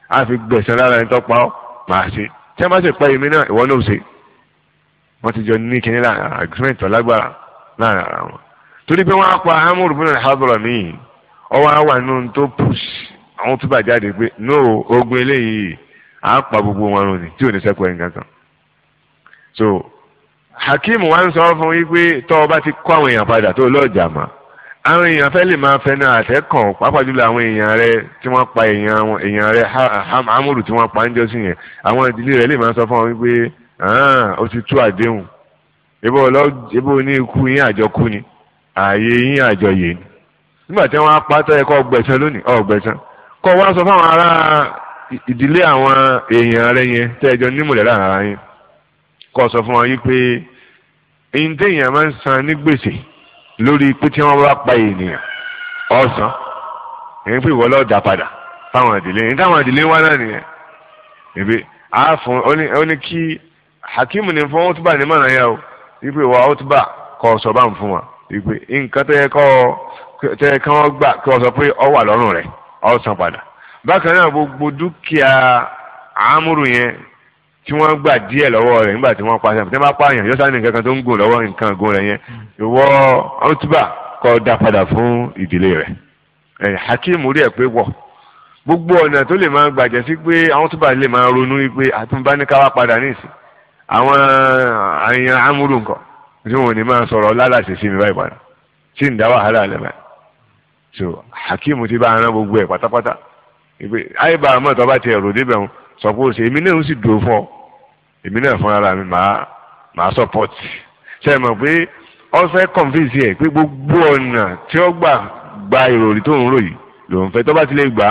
a fi gbẹ̀sán lára ẹni tó pa ọ́ màá ṣe tí wọ́n bá sì pa èmi náà ìwọ náà ṣe wọ́n ti jọ ní kínní láàrin agreement tó lágbára láàrin ara wọn torí pé wọ́n á pa amúr bin al-Hadrami ọwọ́ á wà nínú tó push àwọn tó bà jáde pé no ogun eléyìí à á pa gbogbo wọn hakeem wa ń sọ fún yín pé tọ́ ọ bá ti kọ́ àwọn èèyàn padà tó lọ́ọ̀jà mà àwọn èèyàn fẹ́ lè máa fẹnu àtẹ́kàn pàápàá jùlọ àwọn èèyàn rẹ tí wọ́n pa èèyàn èèyàn rẹ amúrù tí wọ́n pa ń jọ́sìn yẹn àwọn ìdílé rẹ lè máa sọ fún ọ wípé ó ti tú àdéhùn ebo ní ikú yín àjọkú ni ààyè yín àjọyè ni nígbà tí wọ́n á pa tọ́ ẹ kọ́ gbẹ̀san lónìí ọ̀ gbẹ̀san kọ́ wá sọ fún àwọn ará ìdílé àwọn èèyàn rẹ yẹn tẹ́ ẹjọ́ nímùlẹ̀ láàárín yẹn kọ́ sọ fún wọn yìí pé eyín téèyàn máa ń san ní gbèsè lórí pé tí wọ́n bá pa ènìyàn ọ̀sán èyí pé ìwọ lọ́ọ́ dá padà fáwọn ìdílé yìí táwọn ìdílé wá náà nìyẹn ìbí àáfún ó ní kí hakeem ní fún ọtúbà ní mọ̀nà yẹn o wípé ìwọ ọtúbà kọ́ sọ bá ń fún wa wípé nǹkan tẹ́ ẹ kọ́ ọ gbà kí ọ sọ pé ọ wà lọ́rùn rẹ̀ ọ padà bákan náà gbogbo dúkìá àmúrù yẹn tí wọ́n gbà díẹ̀ lọ́wọ́ rẹ̀ nígbà tí wọ́n pàṣẹ tí wọ́n bá pààyàn yóò sáré nǹkan kan tó ń gùn lọ́wọ́ nǹkan gùn rẹ̀ yẹn ìwọ ọtúbà kọ́ da padà fún ìdílé rẹ̀ ẹ̀ hakeem rí ẹ̀ pé wọ̀ gbogbo ọ̀nà tó lè máa gbàjẹ́ sí pé àwọn tó bá lè máa ronú wípé àtúnbáníkáwá padà níìsín àwọn àyàn amúrú nǹkan tí wọn ò ní máa sọ̀rọ̀ lálàsì sí mi báyìí padà tí ń dá wàhálà alẹ́ so hakeem ti bá aran gbogbo ẹ̀ pátápátá ìpè àyèbá àmọ́ tó bá ti ẹ̀rù débẹ̀ wọn sọ ṣe èmi náà ó sì dùn fún ọ èmi náà fúnra ra mi màá màá support ṣe é mọ̀ pé ọ̀fẹ́ convince ẹ̀ pé gbogbo ọ̀nà tí ó gbà gba ìròrí tó ń rò yìí lòun fẹ́ tó bá ti lè gbà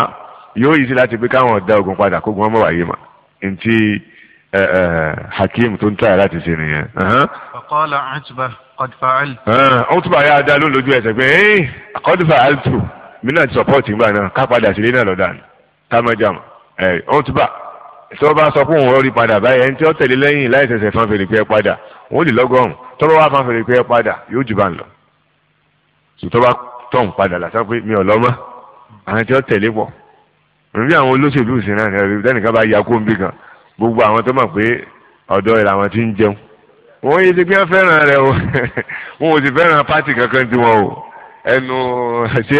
yóò yí sí láti pé káwọn ọ̀dà ogun padà kó gun ọmọ wáyé mà ntí hakim tó ń tàyà láti ṣe nìyẹn. ọ̀kọ́lá ọ̀túbà kọ́dùfà àlù. ọ̀túbà yà á dá ló lójú ẹsẹ̀ pé kọ́dùfà àlù tù mí náà ti support ìgbà náà ká padà sílé náà lọ́dà ká má jà mọ́ ọ̀túbà tó bá sọ fún òun rí padà báyìí ẹni tí ó tẹ̀lé lẹ́yìn láì ṣẹ̀ṣẹ̀ fan fèrè pé ẹ padà wọ́n lè lọ́gọ́rùn tó bá wá fan fèrè pé ẹ padà yóò jù bá ń lọ. sùtọ́ bá tọ̀hún padà lásán pé mi ò lọ́mọ́ àwọn tí ó tẹ̀lé pọ̀ níbi àwọn olóṣèlú sí náà ẹ̀rí dẹ́nìkan bá ya kó ń bì kan gbogbo àwọn tó mọ̀ pé ọ̀dọ́ ẹ̀ làwọn ti ń jẹun. wọ́n yé ti pé fẹ́ràn rẹ o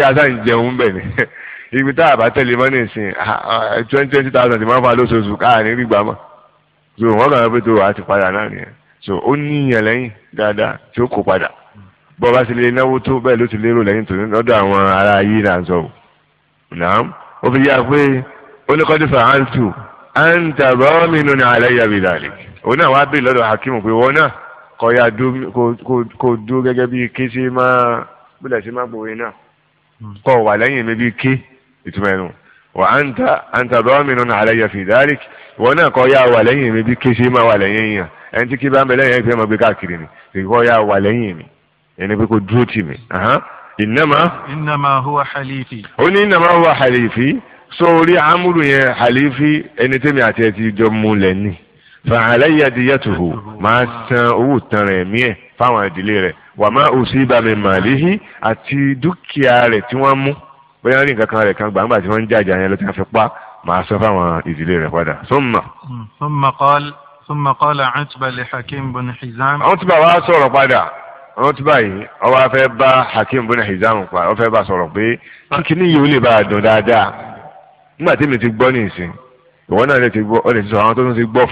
wọn ò ibi tá a bá tẹ̀lé mọ́ nìsín twenty twenty thousand ti máa fa lóṣooṣù káàní rí gbàmọ́ so wọ́n kàn pé tó a ti padà náà nìyẹn so ó ní ìyàn lẹ́yìn dáadáa tí ó kó padà bọ́ bá ti lè náwó tó bẹ́ẹ̀ ló ti lérò lẹ́yìn tó lọ́dọ̀ àwọn ará yìí náà sọ ò nàám ó fi yá pé oníkọ́jú fàáǹtù àǹtà bọ́ọ̀mì nù ní alẹ́ yàrá ìdàlẹ́ òun náà wá bè lọ́dọ̀ hakimu pé wọ́n náà kọ́ ya kó dúró gẹ́gẹ́ bíi ké sí máa bílẹ̀ sí máa gbòòrè náà hmm. kọ́ wà lẹ́yìn mi bíi ké ìtumọ̀ ẹnu wà á ń ta à ń ta bá mi nù nà àlẹ́ yẹ fi dárík wọn náà kọ́ yá wà lẹ́yìn mi bí kéṣe máa wà lẹ́yìn yàn ẹni tí kí bá ń bẹ lẹ́yìn ẹgbẹ́ máa gbé káàkiri ni èyí kọ́ yá wà lẹ́yìn mi ẹni pé kò dúró tì mí. ìnáma ìnáma huwa halifi. ó ní ìnáma huwa halifi sórí amúrù yẹn halifi ẹni tẹ́mi àti ẹ ti jọ mú lẹ̀ ní. fàálẹ́yà diyatuhu máa san owó tán rẹ̀ mí ẹ̀ fáwọn ìdílé rẹ̀ wàmá òsínbàmí màlíhí àti dúkìá rẹ̀ tí wọ́n mú bóyá rí nǹkan kan rẹ̀ kan gbàǹgbà tí wọ́n ń jàjà yẹn ló ti fi pa màá sọ fáwọn ìdílé rẹ̀ padà. summa. Hmm. summa qala summa qala Utba li Hakim bin Hizam. Utba wa sọ̀rọ̀ padà Utba yìí ó wá fẹ́ bá Hakim bin Hizam pa ó fẹ́ bá sọ̀rọ̀ pé kíkíní yìí ó lè bá a dùn dáadáa nígbà tí mi ti gbọ́ ní ìsìn ìwọ náà lè ti gbọ́ ọ lè ti sọ àwọn tó tún ti gbọ́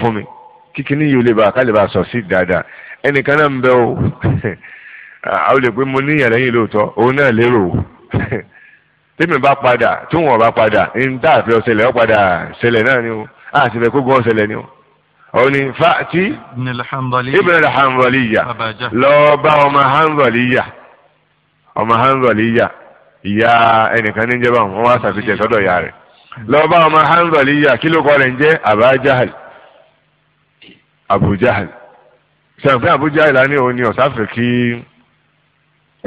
tẹ́mi bá padà tí wọ́n bá padà ń dá àfẹ́ ọ̀sẹ̀lẹ̀ ọ̀padà ṣẹlẹ̀ náà ni o a sì fẹ́ kógun ọ̀sẹ̀lẹ̀ ni o. ó ní fati ibn al-hanbaliya lọ bá ọmọ hanbaliya ọmọ hanbaliya ìyá ẹnìkan ní jẹba wọn wá sàfihàn sọ́dọ̀ ìyá rẹ̀ lọ bá ọmọ hanbaliya kí ló kọ rẹ̀ ń jẹ́ abajahal abujahal sàǹfẹ́ abujahal á ní ni ọ̀sáfẹ́ kí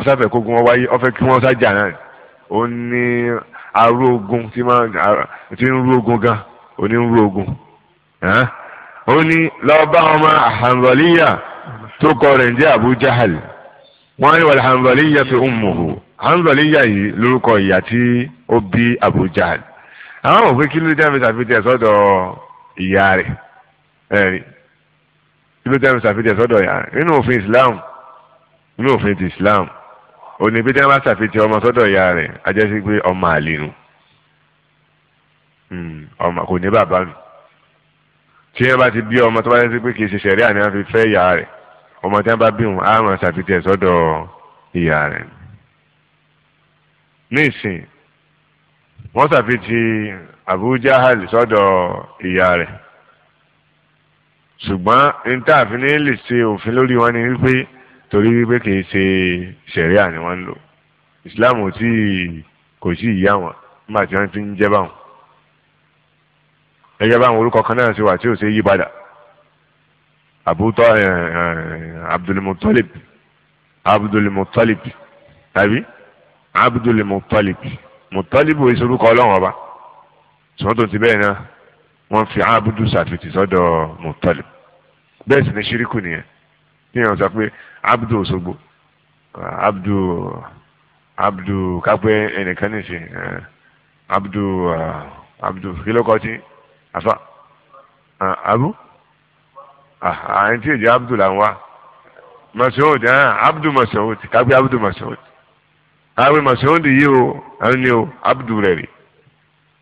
ọ̀sáfẹ́ kógun ọwáyé ọ̀fẹ́ kí wọ́n sá jà náà ó ní arógun tí ń rógun gan ó ní ń rógun ó ní lọ́ọ́bá ọmọ àhànbọ̀líyà tó kọ rẹ̀ ń jẹ́ Abu Jahal wọ́n ní wàlẹ̀ àhànbọ̀líyà fi ummuhu àhànbọ̀líyà yìí lórúkọ ìyá tí ó bí Abu Jahal àwọn mọ̀ pé kí ló jẹ́ mi ṣàfihàn sọ́dọ̀ ìyá rẹ̀ kí ló jẹ́ mi ṣàfihàn sọ́dọ̀ ìyá rẹ̀ nínú òfin Islam nínú òfin ti Islam òní pé tí wọ́n bá ṣàfihàn ọmọ sọ́dọ̀ ìyá rẹ̀ ajẹ́sí pé ọmọ àlínú hmm, ọmọ kò ní bàbá mi tí wọ́n bá ti bí ọmọ tó bá yẹ sí pé kì í ṣe ṣẹ̀rí àní wọ́n fi ìyá rẹ̀ ọmọ tí wọ́n bá bí òun á máa ṣàfihàn sọ́dọ̀ ìyá rẹ̀ nísìn wọ́n ṣàfihàn Abu Jahal sọ́dọ̀ ìyá rẹ̀ ṣùgbọ́n ní táàfin ní lè ṣe òfin lórí wọn ni wípé torí wípé kì í ṣe ṣẹ̀ríà ni wọ́n ń lò ìsìláàmù tí kò sí ìyá wọn nígbà tí wọ́n ti ń jẹ́ báwọn ẹ̀yẹ́ báwọn orúkọ kan náà ṣe wà tí ò ṣe yí padà àbútọ́ eh, eh, abdulmutalib abdulmutalib tàbí abdulmutalib mutalib wo ìṣorúkọ ọlọ́run ọba sọ́dọ̀ ti bẹ́ẹ̀ náà wọ́n fi abudu ṣàfitì sọ́dọ̀ mutalib bẹ́ẹ̀ sì ni ṣíríkù nìyẹn kí èèyàn sọ pé abdu Òṣogbo abdu abdu kápẹ́ ẹnìkan nìṣe abdu abdu kílókọ́tì afa abu àyìn tí èjì abdu là ń wá Masoud abdu Masoud kápẹ́ abdu Masoud kápẹ́ Masoud yìí o ẹni o abdu rẹ̀ rí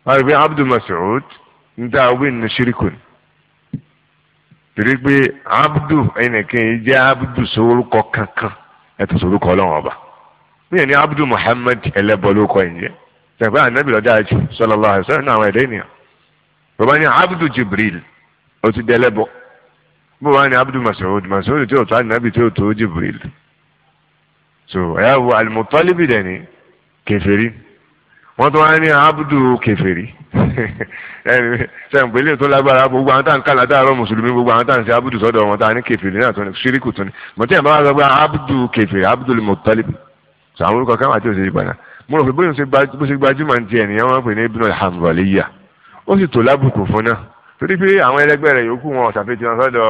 wọ́n rí pé abdu Masoud ń dá wí ní ṣíríkùn. torí pé abdu ẹnìkan yìí jẹ́ abdu sorúkọ kankan etu sorúkọ ọlọ́run ọba bí yẹn abdu muhammad ẹlẹ́bọ ló kọ àjù sallallahu alaihi wasallam àwọn ẹ̀dẹ́ ènìyàn bàbá abdu jibril ó ti dẹ́ ni abdu masoud masoud tí ó tó tí tó jibril so wọ́n tún wá ní abudu kẹfẹ́rí sẹ́ǹpẹ́lẹ́ tó lágbára gbogbo àwọn táwọn kàlá dáàrọ̀ mùsùlùmí gbogbo àwọn táwọn ṣe abudu sọ́dọ̀ wọn tá a ní kẹfẹ́rí náà tún ní ṣíríkù tún ní mọ̀tí ẹ̀ bá wà sọ abudu kẹfẹ́rí abudu lè mọ̀ tọ́lẹ̀ sọ àwọn orúkọ káwọn àti òṣèlú padà mo rò pé bóyá bó ṣe gbajúmọ̀ ní tiẹ̀ nìyẹn wọ́n pè ní ibùdó alhamdulilayi ó sì tó lábùkù fún náà torí pé àwọn ẹlẹgbẹ́ rẹ̀ yòókù wọn ṣàfihàn sọ́dọ̀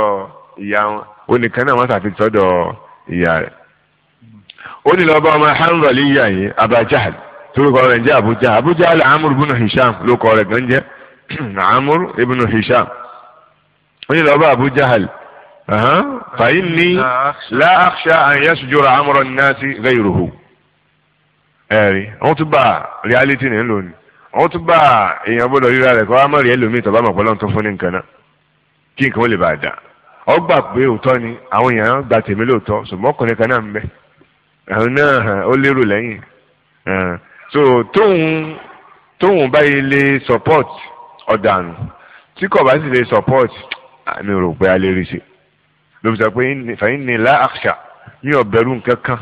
ìyá wọn onìkan náà wọ́n ṣàfihàn sọ́dọ̀ ìyá rẹ̀ ó ní lọ́ọ́ bá ọmọ alhamdulilayi abajahal torúkọ rẹ̀ ń jẹ́ abuja abuja alẹ́ amúr ibùnú hisham ló kọ rẹ̀ gan jẹ́ amúr ibùnú hisham wọ́n yìí lọ bá abuja hal fàyín ní láàkṣà àyẹ̀sùjọ́ra amúrọ̀ nàásì gẹ́yìrùhù ẹ̀rí wọ́n tún bá reality ní lónìí wọ́n tún bá èèyàn gbọ́dọ̀ ríra rẹ̀ kọ́ amọ̀rì ẹlòmíì tó bá mọ̀ pọ́lọ́n tó fún ní nǹkan náà kí nǹkan ó lè bàa dà ọ gbà pé òótọ́ ni àwọn èèyàn gba tèmi lóòótọ́ ṣùgbọ́n ọkùnrin kan náà ń bẹ àwọn náà ó lérò lẹ́yìn so tóun tóun báyìí lè support ọ̀dànù tí kò bá sì lè support mi ò rò pé a lè rí ṣe ló fi sọ pé fàyín ni láàṣà ní ọ̀bẹ̀rù nǹkan kan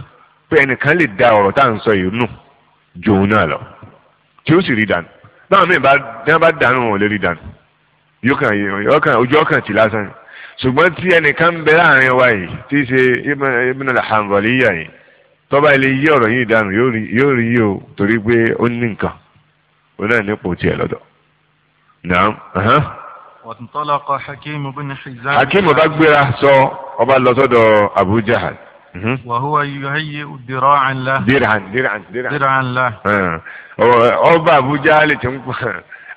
pé ẹnìkan lè da ọ̀rọ̀ tá à ń sọ yìí nù ju òun náà lọ tí ó sì rí dànù náà mi bá dànù wọn ò lè rí dànù ojú ọkàn ti lásán ṣùgbọ́n tí ẹnìkan ń bẹ láàrin wa yìí tí í ṣe Ibn al-Hanbaliyya yìí tọ́ba ilé yí ọ̀rọ̀ yìí dànù yóò rí yìí o torí pé ó ní nǹkan ó náà nípò tiẹ̀ lọ́dọ̀. wàtúntọ́lọ́kọ hakeem bin hizam. hakeem bá gbéra sọ ọba lọ sọ́dọ̀ abu jahal. wàhùwà yuhayi diraan la. diraan diraan la. ọba abu jahal ti ń pa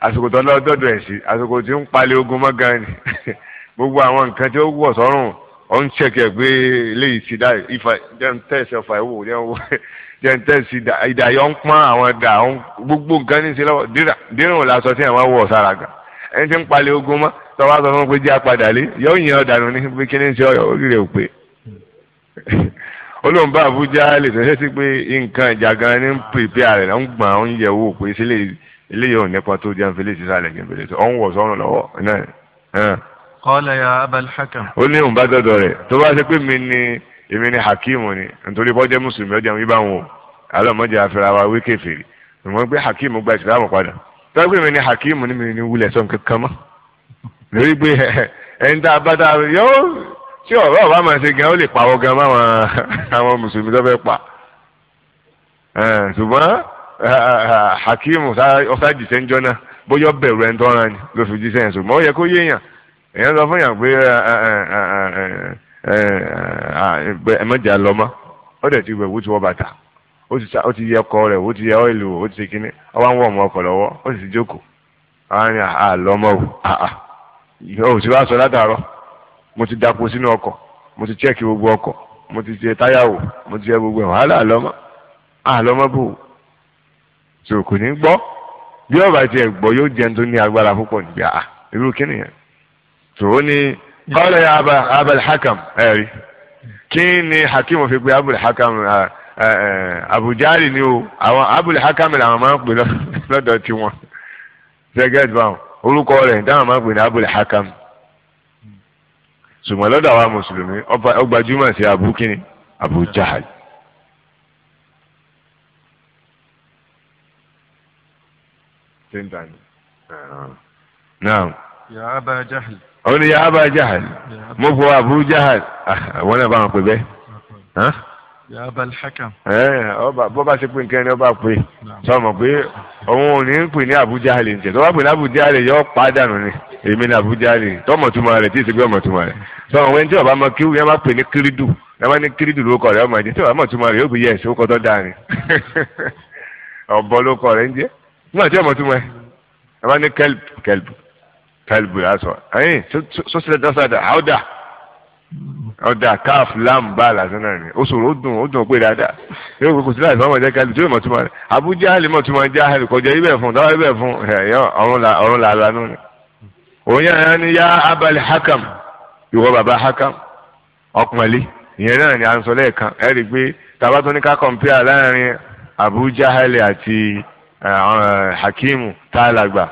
àsìkò tó dọ́dọ̀ ẹ̀ sí àsìkò tí ń palẹ̀ ogun mọ́gàn ni gbogbo àwọn nǹkan tí ó wọ̀ sọ́rùn ọ̀ ń ṣẹ̀kẹ̀ pé léyìí sí dá ìfà jẹun tẹ̀sí ọ̀fà ìwò jẹun tẹ̀sí ìdáyọ̀ ń pọ́n àwọn ẹ̀dá gbogbo nǹkan ní í ṣe lọ́wọ́ dírùn lásọ tí àwọn wọ̀ sára gan ẹni tí ń palẹ̀ ogun mọ́ tọ́wọ́ sọ fún pé jẹ́ apàdà lé yóò yẹn ọ̀dànù ní pé kí ni ṣe ọ̀yọ́ orí rẹ̀ ò pé olóhùn bá Àbújá lè sọ sí pé nǹkan ìjà gan ni ń pèpè rẹ̀ ń gbọ̀n ń yẹ̀ wò pé sílẹ̀ eléyìí ò nípa tó jẹun fèlè sísàlẹ̀ jẹun fèlè ọ̀hún wọ̀ sọ́run lọ́wọ́ náà kọ́lá ya abal hakam. ó ní òun bá dọ̀dọ̀ rẹ̀ tó bá ṣe pé mi ni èmi ni hakimu ni nítorí bọ́jẹ́ mùsùlùmí ọjà mi bá wọn o alọ́mọdé afẹ́ra wa wí kèfèrí ìmọ̀ pé hakimu gba ìsìlámù padà tó bá pé mi ni hakimu ni mi ni wulẹ̀ sọ́n kankan mọ́ lórí pé ẹni tá a bá tá a yọ tí ọ̀rọ̀ ọ̀bá máa ṣe gan ó lè pawọ́ gan máwọn àwọn mùsùlùmí tó fẹ́ pa ṣùgbọ́n hakimu ọ̀sá jìṣẹ́ ń jọ́nà bóyá bẹ̀rù ẹni tó ń ra ni ló fi jíṣẹ́ yẹn ṣùgbọ́n ó yẹ kó yéèyàn èèyàn sọ fún yàn pé ẹmẹjà lọ mọ ó dẹ̀ ti wẹ̀ wó ti wọ́ bàtà ó ti yẹ ọkọ rẹ̀ ó ti yẹ ọ́ìlì ó ti kíní ọwọ́ ń wọ̀ ọmọ ọkọ̀ lọ́wọ́ ó sì ti jókòó àwọn ni àlọ́mọ o yóò ti wá sọ látàárọ̀ mo ti dàpọ̀ sínú ọkọ̀ mo ti chẹ́ẹ̀kì gbogbo ọkọ̀ mo ti ṣe táyà wò mo ti ṣe gbogbo ẹ̀ wàhálà àlọ́mọ àlọ́mọ bò so kò ní gbọ́ bí ọba tiẹ̀ gbọ́ yóò jẹun tó ní agbára púpọ̀ nígbà irú kíni yẹn sòwò ni kọ́lẹ̀ ya abal hakam ẹ̀rí kí ni hakim fi pe abul hakam abujari ni o àwọn abul hakam làwọn máa ń pè lọ́dọ̀ tiwọn ṣẹ́gẹ́t báwọn orúkọ rẹ̀ dáhùn máa ń pè ní abul ṣùgbọ́n lọ́dọ̀ àwa mùsùlùmí ó gbajúmọ̀ sí naam. ya aba ó ní yàrá bá jahal mo fọ àbú jahal ah, àwọn náà bá wọn pè bẹ́ẹ̀. yàrá bá alḥakam. bó bá ṣe pé nǹkan ẹni ọba pè sọmọ pé òun ò ní pè ní àbú jahal ní tẹ tó bá pè ní àbú jahal yọ pa dànù ni èmi ní àbú jahal tọmọtuma rẹ tí ì sẹgbẹ ọmọtuma rẹ sọmọ wẹ́n tí ọba mọ kí wọ́n máa pè ní kírídù wọ́n máa ní kírídù lóko rẹ ọmọ ẹ̀jẹ̀ tí ọba mọ̀ tuma rẹ yóò fi yẹ ẹ̀sìn kọ́ tó dáa ni ọ̀bọ lóko rẹ ń jẹ́ nígbà tí ọmọ tuma rẹ wọ́n máa ní kẹ́lp kẹ́lp kálíbù aṣọ ẹyìn sọsílẹ dọsàdà àwòdà ọdà káf lam bá lásán náà ni ó sòrò ó dùn ó dùn pé dáadáa yóò kó kò sí láti máa jẹ kálíbù tí yóò mọ túmọ̀ rẹ̀ abuja lè mọ túmọ̀ já hàlì kọjá ibẹ̀ fún dáwọ ibẹ̀ fún ẹyọ ọrùn làlá nù ni. òun yàrá ni yá abali hakam ìwọ bàbá hakam ọkùnrin ìyẹn náà ni à ń sọ lẹ́ẹ̀kan ẹ rí i pé tàbá tó ní ká kọ̀ǹpìà láàrin abu jahali àti eh, eh, hakimu tá a làgbà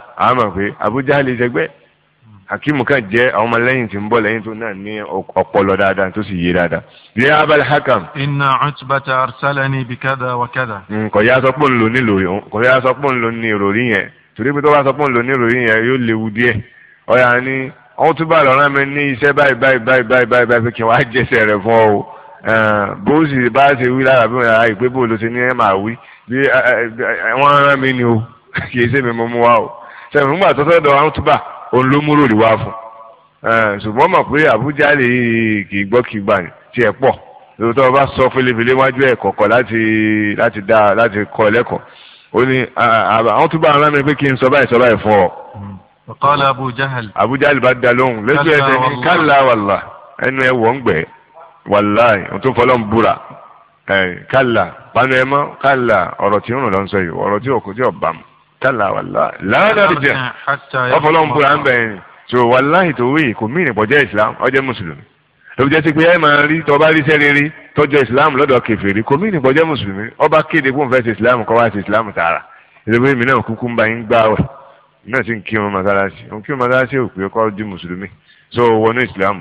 hakimu kan jẹ àwọn ọmọ lẹ́yìn tí ń bọ̀ lẹ́yìn tó náà ní ọpọlọ dáadáa tó sì yé dáadáa. yẹ abal hakam. inna utbata arsalani bi kada wa kada. Hmm, kò yá sọ pé ń lò nílò kò yá sọ pé ń lò ní ìròrí yẹn torí pé tó bá sọ pé ń lò ní ìròrí yẹn yóò léwu díẹ̀ ọ̀yà ni wọ́n tún bá lọ́rọ́ mi ní iṣẹ́ báyìí báyìí báyìí báyìí báyìí báyìí kí wọ́n á jẹsẹ̀ rẹ̀ fún ọ bó sì bá ṣe wí lára bí wọn àìpé bó ló ṣe ní ẹ máa wí bí wọn rán mi ni o kì í ṣe mi mo mú wa o ṣe òun ló múrò rí wá fún ṣùgbọ́n mọ̀ pé Àbújá lè kì í gbọ́ kì í gbà ní tiẹ̀ pọ̀ lóòótọ́ bá sọ fẹlẹ́fẹlẹ́ wájú ẹ̀ kọ̀ọ̀kan láti láti dá láti kọ́ lẹ́kọ̀ọ́ ó ní àwọn tó bá ara mi pé kí n sọ báyìí sọ báyìí fún ọ. ọ̀kọ́lá Abu Jahal. Abu Jahal bá da lóhùn lójú ẹsẹ̀ ní kálá wàlá ẹnu ẹ wọ̀ ń gbẹ wàlá ẹ̀ tó fọlọ́ ń búra kálá panu ẹ mọ́ kálá ọ̀rọ̀ tí ń rùn lọ́n yìí ọ̀rọ̀ tí òkú tí ò bá mu kálá wàlá láàdàrí jẹ ọfọlọ́n búra ń bẹ̀yìn tó wàláhì tó wí kò mí ìrìnbọ̀ jẹ́ islam ọjẹ́ mùsùlùmí ló jẹ́ sí pé ẹ máa rí tọ́ba rí sẹ́rí rí tọ́jọ́ islam lọ́dọ̀ kèfèrí kò mí ìrìnbọ̀ jẹ́ mùsùlùmí ọba kéde fún fẹ́ sí islam kọ́ wá sí islam tààrà ìdòwò èmi náà kúkú ń bá yín gbá wẹ̀ náà sì ń kí wọn mọ́sálásí òun kí wọn mọ́sálásí ò pé kọ́ di mùsùlùmí so wọnú islam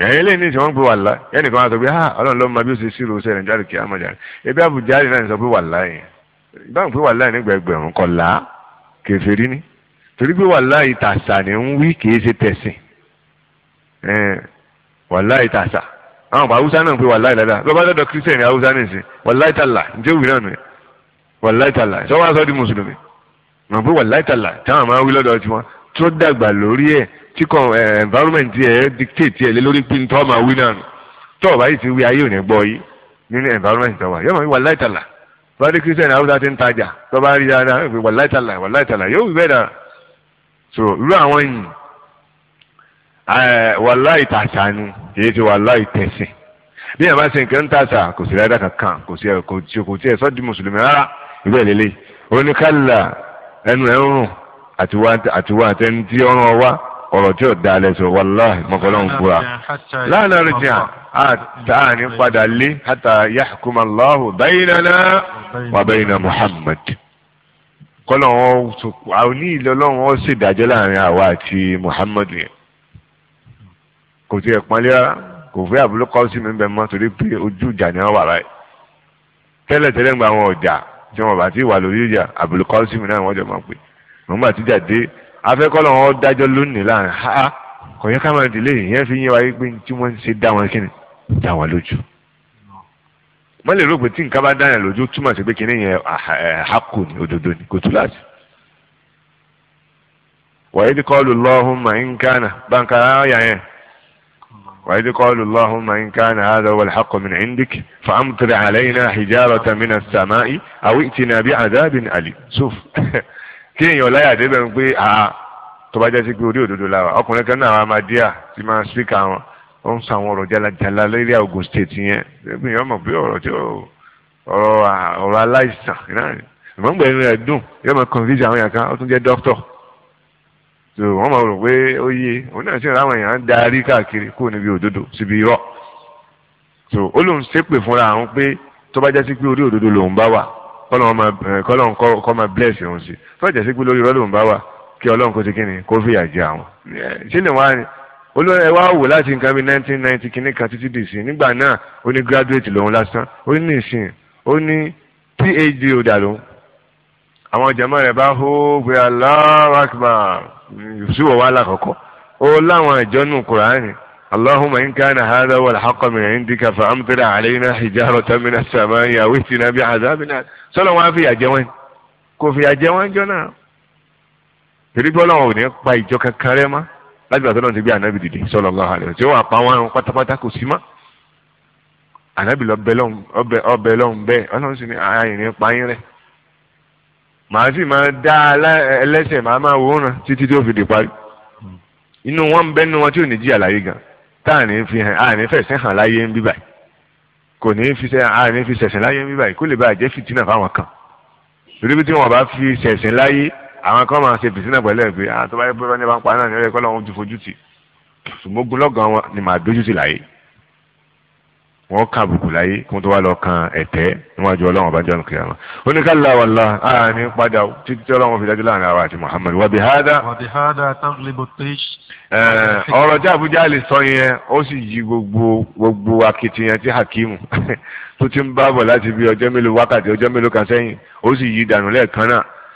ẹ̀yin lè ní ìsìn wọn pé wàlá ẹnìkan á sọ pé ah ọlọ́run ló máa bí ó ṣe sírò sẹ́rìn jáde kí á mọ̀ jáde ebi àbújá náà sọ pé wàlá yẹn ìbáwọn pé wàláì nígbà ẹgbẹ̀rún kọ là á kèfèrí ni torí pé wàláì tàṣà ni ń wí kìí ṣe tẹ̀sìn wàláì tàṣà àwọn ọ̀pọ̀ haúsá náà pé wàláì dáadáa lọ́ba dọ́dọ̀ kírísítẹ̀nì haúsá ní ìsìn wàláì tàlà ǹjẹ́ òwì náà nù yẹn wàláì tàlà ṣọ́ wàá sọ di mùsùlùmí mọ̀ pé wàláì tàlà táwọn máa wí lọ́dọ̀ tiwọn tó dàgbà lórí ẹ̀ tí kò environment ẹ̀ dictate ẹ̀ lé lórí pé ntọ́ máa wí náà nù tọ́ọ̀ báyìí ti wí ayé ò ní yìí nínú environment tó wà yọ bàdé kristian haúsá ti ń tajà tó bá rí dáadáa ẹ pé wàláìtàlà wàláìtàlà yóò wí bẹ́ẹ̀ dára so irú àwọn yìí wàláìtàṣà ni èyí ti wàláìtẹ̀sìn bí ẹ̀ bá ṣe nǹkan tàṣà kò sí dáadáa kankan kò sí kò tí kò tí ẹ̀ sọ́ di mùsùlùmí rárá ìbẹ̀ lélẹ̀ oníkàlà ẹnu ẹ̀ ń rùn àtiwá àtẹni tí wa ọ̀rọ̀ tí ò dáa lẹ́sọ̀ wàláì mọ̀kànlá ń fura láàrin àrùn jìyàn àtàní padà lé hatta yahkuma Allahu baynana wa bayna Muhammad kọ́lọ̀ wọn àwọn ní ilé ọlọ́run wọn sì dájọ́ láàrin àwa àti Muhammad yẹn kò tiẹ̀ pọ́nlé rárá kò fẹ́ àbúrò kọ́ sí mi bẹ́ẹ̀ mọ́ torí pé ojú ìjà ni wọ́n wà báyìí tẹ́lẹ̀tẹ́lẹ̀ ń gba àwọn ọjà tí wọ́n bá ti wà lórí ìjà àbúrò sí mi náà wọ́n jọ máa pè wọ́n gbà tíjà dé afẹ́kọ́lọ̀ wọn dájọ́ lónìí láàrin ha kò ká máa dìlé ìyẹn fi yẹ wáyé pé tí wọ́n ń ṣe dá wọn kí dá wọn lójú wọ́n lè rò pé tí nǹkan bá dá yẹn lójú túmọ̀ sí pé kínní yẹn àkò ní òdodo ní kò tún láti. wàyídí kọ́ọ̀lù Allahumma in kana báńkà ayà yẹn wàyídí kọ́ọ̀lù Allahumma in kana hadha huwa al-haqqu min indik fa'amtir alayna hijaratan min as-sama'i aw i'tina bi'adhabin alim sóf kí èèyàn láyà débẹ̀ ń pé àá tó bá jẹ́ sí pé orí òdodo la ọkùnrin kan náà ó ń sọ àwọn ọ̀rọ̀ jalajala lórí Ogun State yẹn ẹbí yọmọ bí ọ̀rọ̀ tí ọ̀rọ̀ ọ̀rọ̀ aláìsàn náà ìmọ̀ ń gbẹ̀rù rẹ̀ dùn yọmọ convince àwọn yàn kan ó tún jẹ́ doctor so wọ́n máa rò pé ó yé òun náà sì ráwọn èèyàn ń darí káàkiri kó níbi òdodo síbi irọ́ so ó lóun ṣépè fúnra àwọn pé tó bá jásí pé orí òdodo lòun bá wà eh, kọ́lọ́n kọ́ máa bless òun sí tó bá jásí pé lórí irọ́ lòun bá wà ni kó fìyà jẹ àwọn sílẹ̀ eh, olórí ẹ wá wò láti nǹkan bíi nineteen ninety kìíní kan títí dì sí nígbà náà ó ní graduate lòun lásán ó ní ìsìn ó ní phd òdà lòun àwọn jàmáà rẹ̀ bá hó oh, pé Allahu Akbar yusuf wà lákòókò ó láwọn ìjọ́nù kùránì Allahumma in kana hadha wal haqqu min indika fa amtir alayna hijaratan min as-samai aw itina bi adhabin sọ́nà wọn á fìyà jẹ wọn kò fìyà jẹ wọn jọ náà láti bàtà náà ti gbé ànábì dìde sallallahu alaihi tí ó wà pa wọn pátápátá kò sí mọ́ ànábì lọ bẹ lọ́hùn ọbẹ̀ lọ́hùn bẹ́ẹ̀ ọlọ́run sì ní àyìnrín payín rẹ̀ màá sì máa dá ẹlẹ́sẹ̀ màá máa wòran títí tí ó fi dé parí inú wọn bẹ nínú wọn tí ò ní jí àlàyé gan tá à ní fi hàn à ní fẹsẹ̀ hàn láyé ń bíbà kò ní fi sẹ à ní fi sẹ̀sìn láyé ń bíbà kó lè bá jẹ́ fìtínà fáwọn kan torí bí tí wọn bá fi sẹ̀sìn láyé àwọn kan máa ṣe bìtínà pẹ̀lú ẹ̀ pé àwọn ah, tó bá yẹ pé wọ́n ní bá ń pa náà ní ọ̀rẹ́ kọ́ lọ́wọ́ ti fojú tì ṣùgbọ́n ogun lọ́gàn wọn ni màá dójú tì láyé wọn kan àbùkù láyé kí wọn tó wá lọ kan ẹ̀tẹ́ níwájú Ọlọ́run ọba jọnù kìlámà oníkàlá wàlá àní padà títí Ọlọ́run fi dájú láàrin àwa àti Muhammad wàbí Hada. wàbí hádà tábìlìbò tèj. Eh, ọ̀rọ̀ tí Abuja lè sọ yẹn ó sì yí gbogbo gbogbo akitiyan tí Hakeem tó ti ń bá bọ̀ láti bí ọjọ́ mélòó wákàtí ọjọ́ mélòó kan sẹ́yìn ó sì yí dànù lẹ́ẹ̀kan náà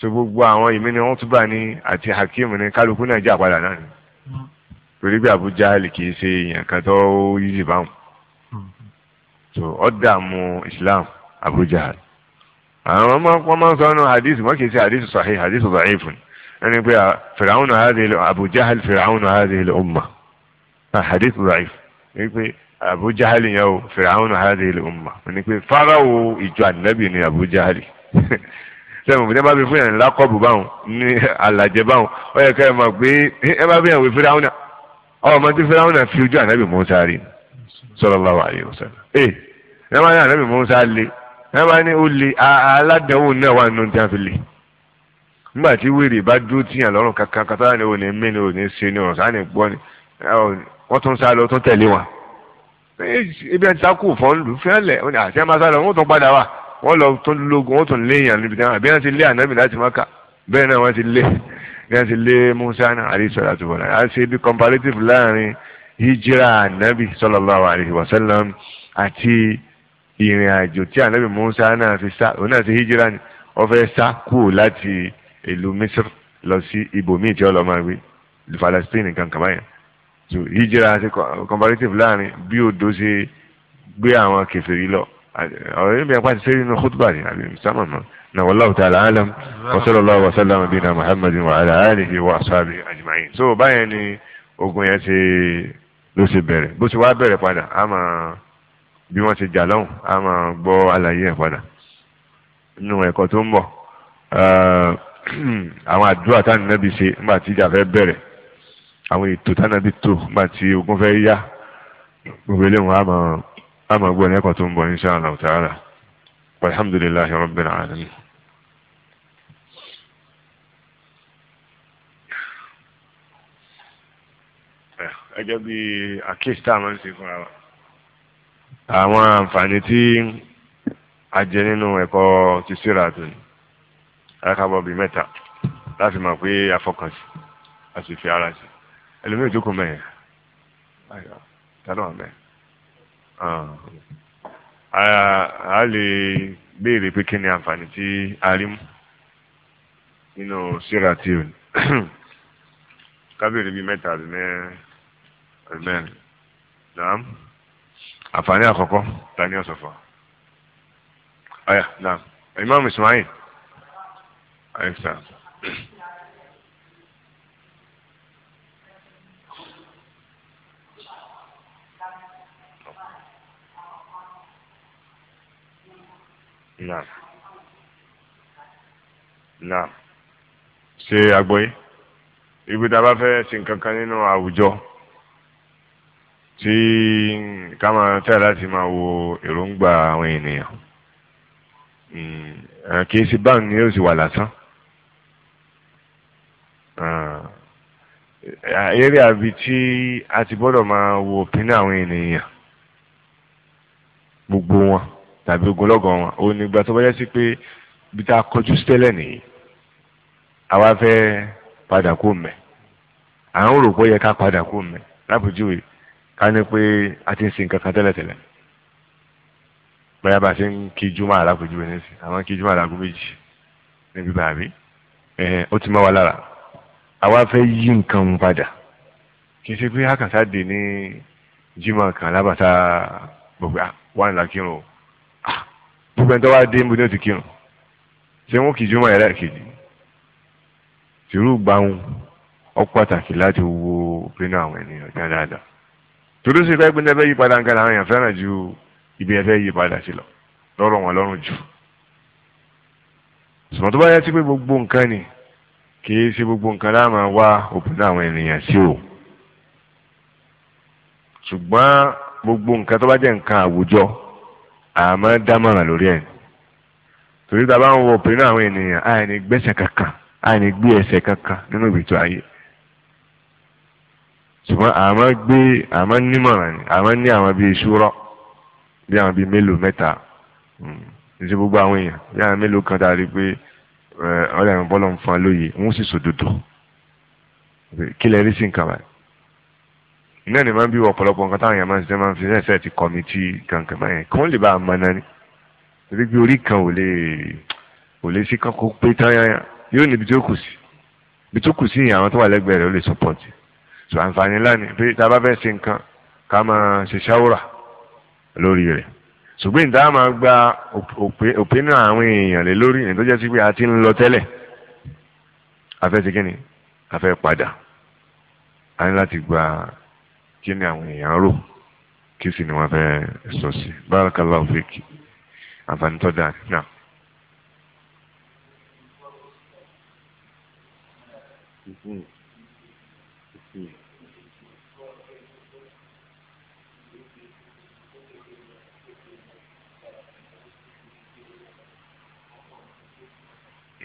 so gbogbo àwọn èmi ni wọ́n tún bá ní àti hakeem ní kálukú náà jà padà náà ni torí bí abuja lè kìí ṣe èèyàn kan tó yíyí báwọn so ọ̀dà mu islam abuja àwọn wọn máa ń sọ ọ́nà hadith wọn kìí ṣe hadith sahih hadith sahih fún ẹni pé fìràwọn náà hàdé abuja fìràwọn náà hàdé umma hadith sahih ẹni pé abuja yẹn o fìràwọn náà hàdé umma ẹni pé fáráwò ìjọ ànábì ni abuja. sẹ́wọ̀n tẹ́ bá fi fún yàn lákọ̀bù báwọn ní alàjẹ báwọn ó yẹ ká ẹ mọ̀ pé ẹ bá fi hàn wí Fíráúnà ọmọ tí Fíráúnà fi ojú ànábì Mùsá rí sallallahu alaihi wasallam ẹ ẹ bá ní ànábì Mùsá lé ẹ bá ní ó lé aládàáwò náà wà nínú tí a fi lé nígbà tí wèrè bá dúró tíyàn lọ́rùn kankan kátà ni ò ní mí ni ò ní ṣe ni ọ̀sán ni gbọ́ ni wọ́n tún sá lọ tún tẹ̀lé wọn ibi àti sákò fọ́ọ̀lù fẹ́lẹ̀ àti ẹ̀ máa sá lọ wọ́n tún padà wà wọ́n lọ tó lógun wọ́n tún lé èèyàn níbi dáhùn àbí wọ́n ti lé ànábì láti maka bẹ́ẹ̀ náà wọ́n ti lé wọ́n ti lé musa náà àrí sọ̀rọ̀ àti bọ̀lá a ṣe bí comparative láàrin hijira ànábì sallallahu alaihi wasallam àti ìrìn àjò tí ànábì musa náà fi sá òun náà ti hijira ni wọ́n fẹ́ sá kú láti ìlú misr lọ sí ibòmíì tí ọlọ́mọ gbé Palestine kankan báyẹn so hijira àti comparative láàrin bí odò ṣe gbé àwọn kèfèrí lọ ọ̀rọ̀ yìí bí apá ti sẹ́yìn nínú khutba ni àbí musamman ma na wallahu ta'ala alam wa sallallahu wa sallam bina muhammadin wa ala alihi wa ashabi ajma'in so báyẹn ni ogun yẹn ti ló ṣe bẹ̀rẹ̀ bó ṣe wá bẹ̀rẹ̀ padà a máa bí wọ́n ṣe jà lọ́hùn a máa gbọ́ àlàyé ẹ̀ padà nínú ẹ̀kọ́ tó ń bọ̀ àwọn àdúrà táwọn nàbí ṣe nígbà tí ìjà fẹ́ bẹ̀rẹ̀ àwọn ètò táwọn nàbí tò nígbà tí ogun fẹ́ yá gbogbo eléwọn a máa. أما أقول lẹ́kọ̀ọ́ tó ń bọ̀ insha Allah ta'ala walhamdulillahi rabbil alamin. Eh, gẹ́gẹ́ bí àkíyèsí tá a máa ń ṣe fúnra wa. àwọn àǹfààní tí a jẹ nínú ẹ̀kọ́ ti síra tó ní alákàbọ̀ bíi mẹ́ta láti mọ̀ pé àfọkànsí a sì ara sí ẹlòmíràn tó kù mẹ́yìn tálọ́ mẹ́yìn. Ah. a lè béèrè pé kí ni àǹfààní tí a rí mú nínú síra tí o ní kábèrè bíi mẹ́ta àbí mẹ́rin naam àǹfààní àkọ́kọ́ ta ni ọ̀sọ̀ fún ọ ọ̀yà naam Imam Ismail ayé sáà. náà náà ṣe àgbọ̀yé ibi tá a bá fẹ́ ṣe nǹkan kan nínú àwùjọ tí ká máa tẹ̀ láti máa wo èròǹgbà àwọn ènìyàn hmm, eh, kì í ṣe báńkì ni yóò sì wà lásán ah, eh, eré àbí tí a ti gbọ́dọ̀ máa wo òpin àwọn ènìyàn gbogbo wọn tàbí ogunlọ́gọ̀ wọn ò ní gbà tó bá yẹ sí pé bí tá a kọjú tẹ́lẹ̀ nìyí àwa fẹ́ padà kó mẹ́ à ń rò pé ó yẹ ká padà kó mẹ́ lápòjúwe ká ní pé a ti ń sin kankan tẹ́lẹ̀tẹ́lẹ̀ bóyá bá a ṣe ń kí júmọ́ àlápòjúwe nísìnyí àwọn kí júmọ́ àlágún méjì níbi bàbí ẹ̀hẹ̀ ó ti mọ́ wa lára àwa fẹ́ yí nǹkan mu padà kì í ṣe pé àkàtà dè ní jimá kan lábàtà gbogbo àwọn ìlàkírun o gbogbo ẹni tó wá dé níbo ni ó ti kírun ṣé wọn kì í jùmọ̀ ẹ̀rẹ́ kejì tìrú gbàùn ọ pàtàkì láti wo pinnu àwọn ènìyàn dáadáa torí sí pé gbẹ́ndẹ́ fẹ́ yí padà nǹkan àwọn èèyàn fẹ́ràn ju ibi ẹ̀ fẹ́ yí padà sí lọ lọ́rọ̀ wọn lọ́rùn jù ṣùgbọ́n tó bá yẹ sí pé gbogbo nǹkan ni kì í ṣe gbogbo nǹkan láà máa wá òpin àwọn ènìyàn sí o ṣùgbọ́n gbogbo nǹkan tó bá jẹ́ nǹkan àwùjọ àmọ́ dámọ̀ràn lórí ẹ̀ torí tá a bá ń wo òpin náà àwọn ènìyàn àìní gbẹ́sẹ̀ kankan àìní gbé ẹsẹ̀ kankan nínú ìbìtú ayé ṣùgbọ́n àmọ́ gbé àmọ́ nímọ̀ràn ni àmọ́ ní àwọn bíi ṣúrọ́ bí àwọn bíi mélòó mẹ́ta ní hmm. ti gbogbo àwọn èèyàn bí àwọn mélòó kan tá a rí pé eh, ọ̀rẹ́ àwọn bọ́lọ̀ ń fọn lóye wọ́n sì sòdodo kí lè rí sí nǹkan Ina ni máa ń bí ọ̀pọ̀lọpọ̀ nǹkan táwọn èèyàn máa ń ṣiṣẹ́ máa ń fi ṣẹ́ṣẹ́ ti kọ̀mìtì kankan báyẹn kí wọ́n lè bá a ni torí pé orí kan ò lè ò lè sí kankan pé táyà yóò níbi tí ó kù sí ibi tó kù sí ìyẹn àwọn tó wà lẹ́gbẹ̀ẹ́ rẹ̀ ó so àǹfààní ńlá ni pé tá a bá fẹ́ ṣe nǹkan ká máa ṣe ṣáwúrà lórí rẹ̀ ṣùgbọ́n ìta máa gba òpinnu àwọn èèyàn lé lórí ẹni tó jẹ́ sí pé a ti ń lọ tẹ́lẹ̀ afẹ́ ti kíni afẹ́ padà a ní láti gba kí ni àwọn èèyàn rò kí sì ni wọ́n fẹ́ sọ sí barakallahu fiki àǹfààní tó dáa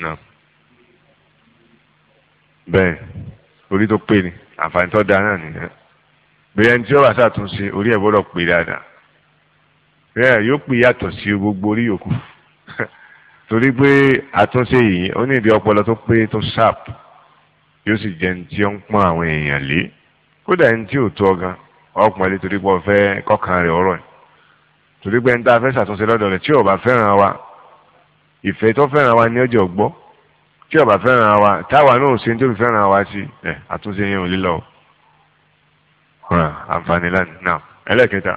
náà. bẹ́ẹ̀ orí tó pé ni àǹfààní tó dáa náà nìyẹn. bẹ́ẹ̀ ní tí wọ́n bá ṣàtúnṣe orí ẹ̀ gbọ́dọ̀ pè dáadáa yóò pè yàtọ̀ sí gbogbo orí yòókù torí pé àtúnṣe yìí ó ní ọpọlọ tó pé tó sharp yóò sì jẹ ní tí ó ń àwọn èèyàn lé kódà ní tí ò tó gan ọkùnrin lé torí pé ọ̀rọ̀ yìí torí pé ní tá a fẹ́ràn wa ìfẹ́ tó fẹ́ràn wa ní àǹfààní lánàá náà ẹlẹ́kẹta.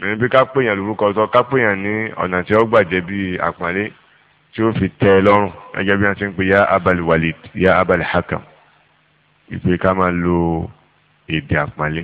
níbi ká pèèyàn lórúkọ sọ ká pèèyàn ní ọ̀nà tí ó gbàjẹ́ bí àpọ́nlé tí ó fi tẹ́ ẹ lọ́rùn ẹgẹ́ bí wọ́n ti ń pè ya abali walid ya abali hakam ìpè ká máa lo èdè àpọ́nlé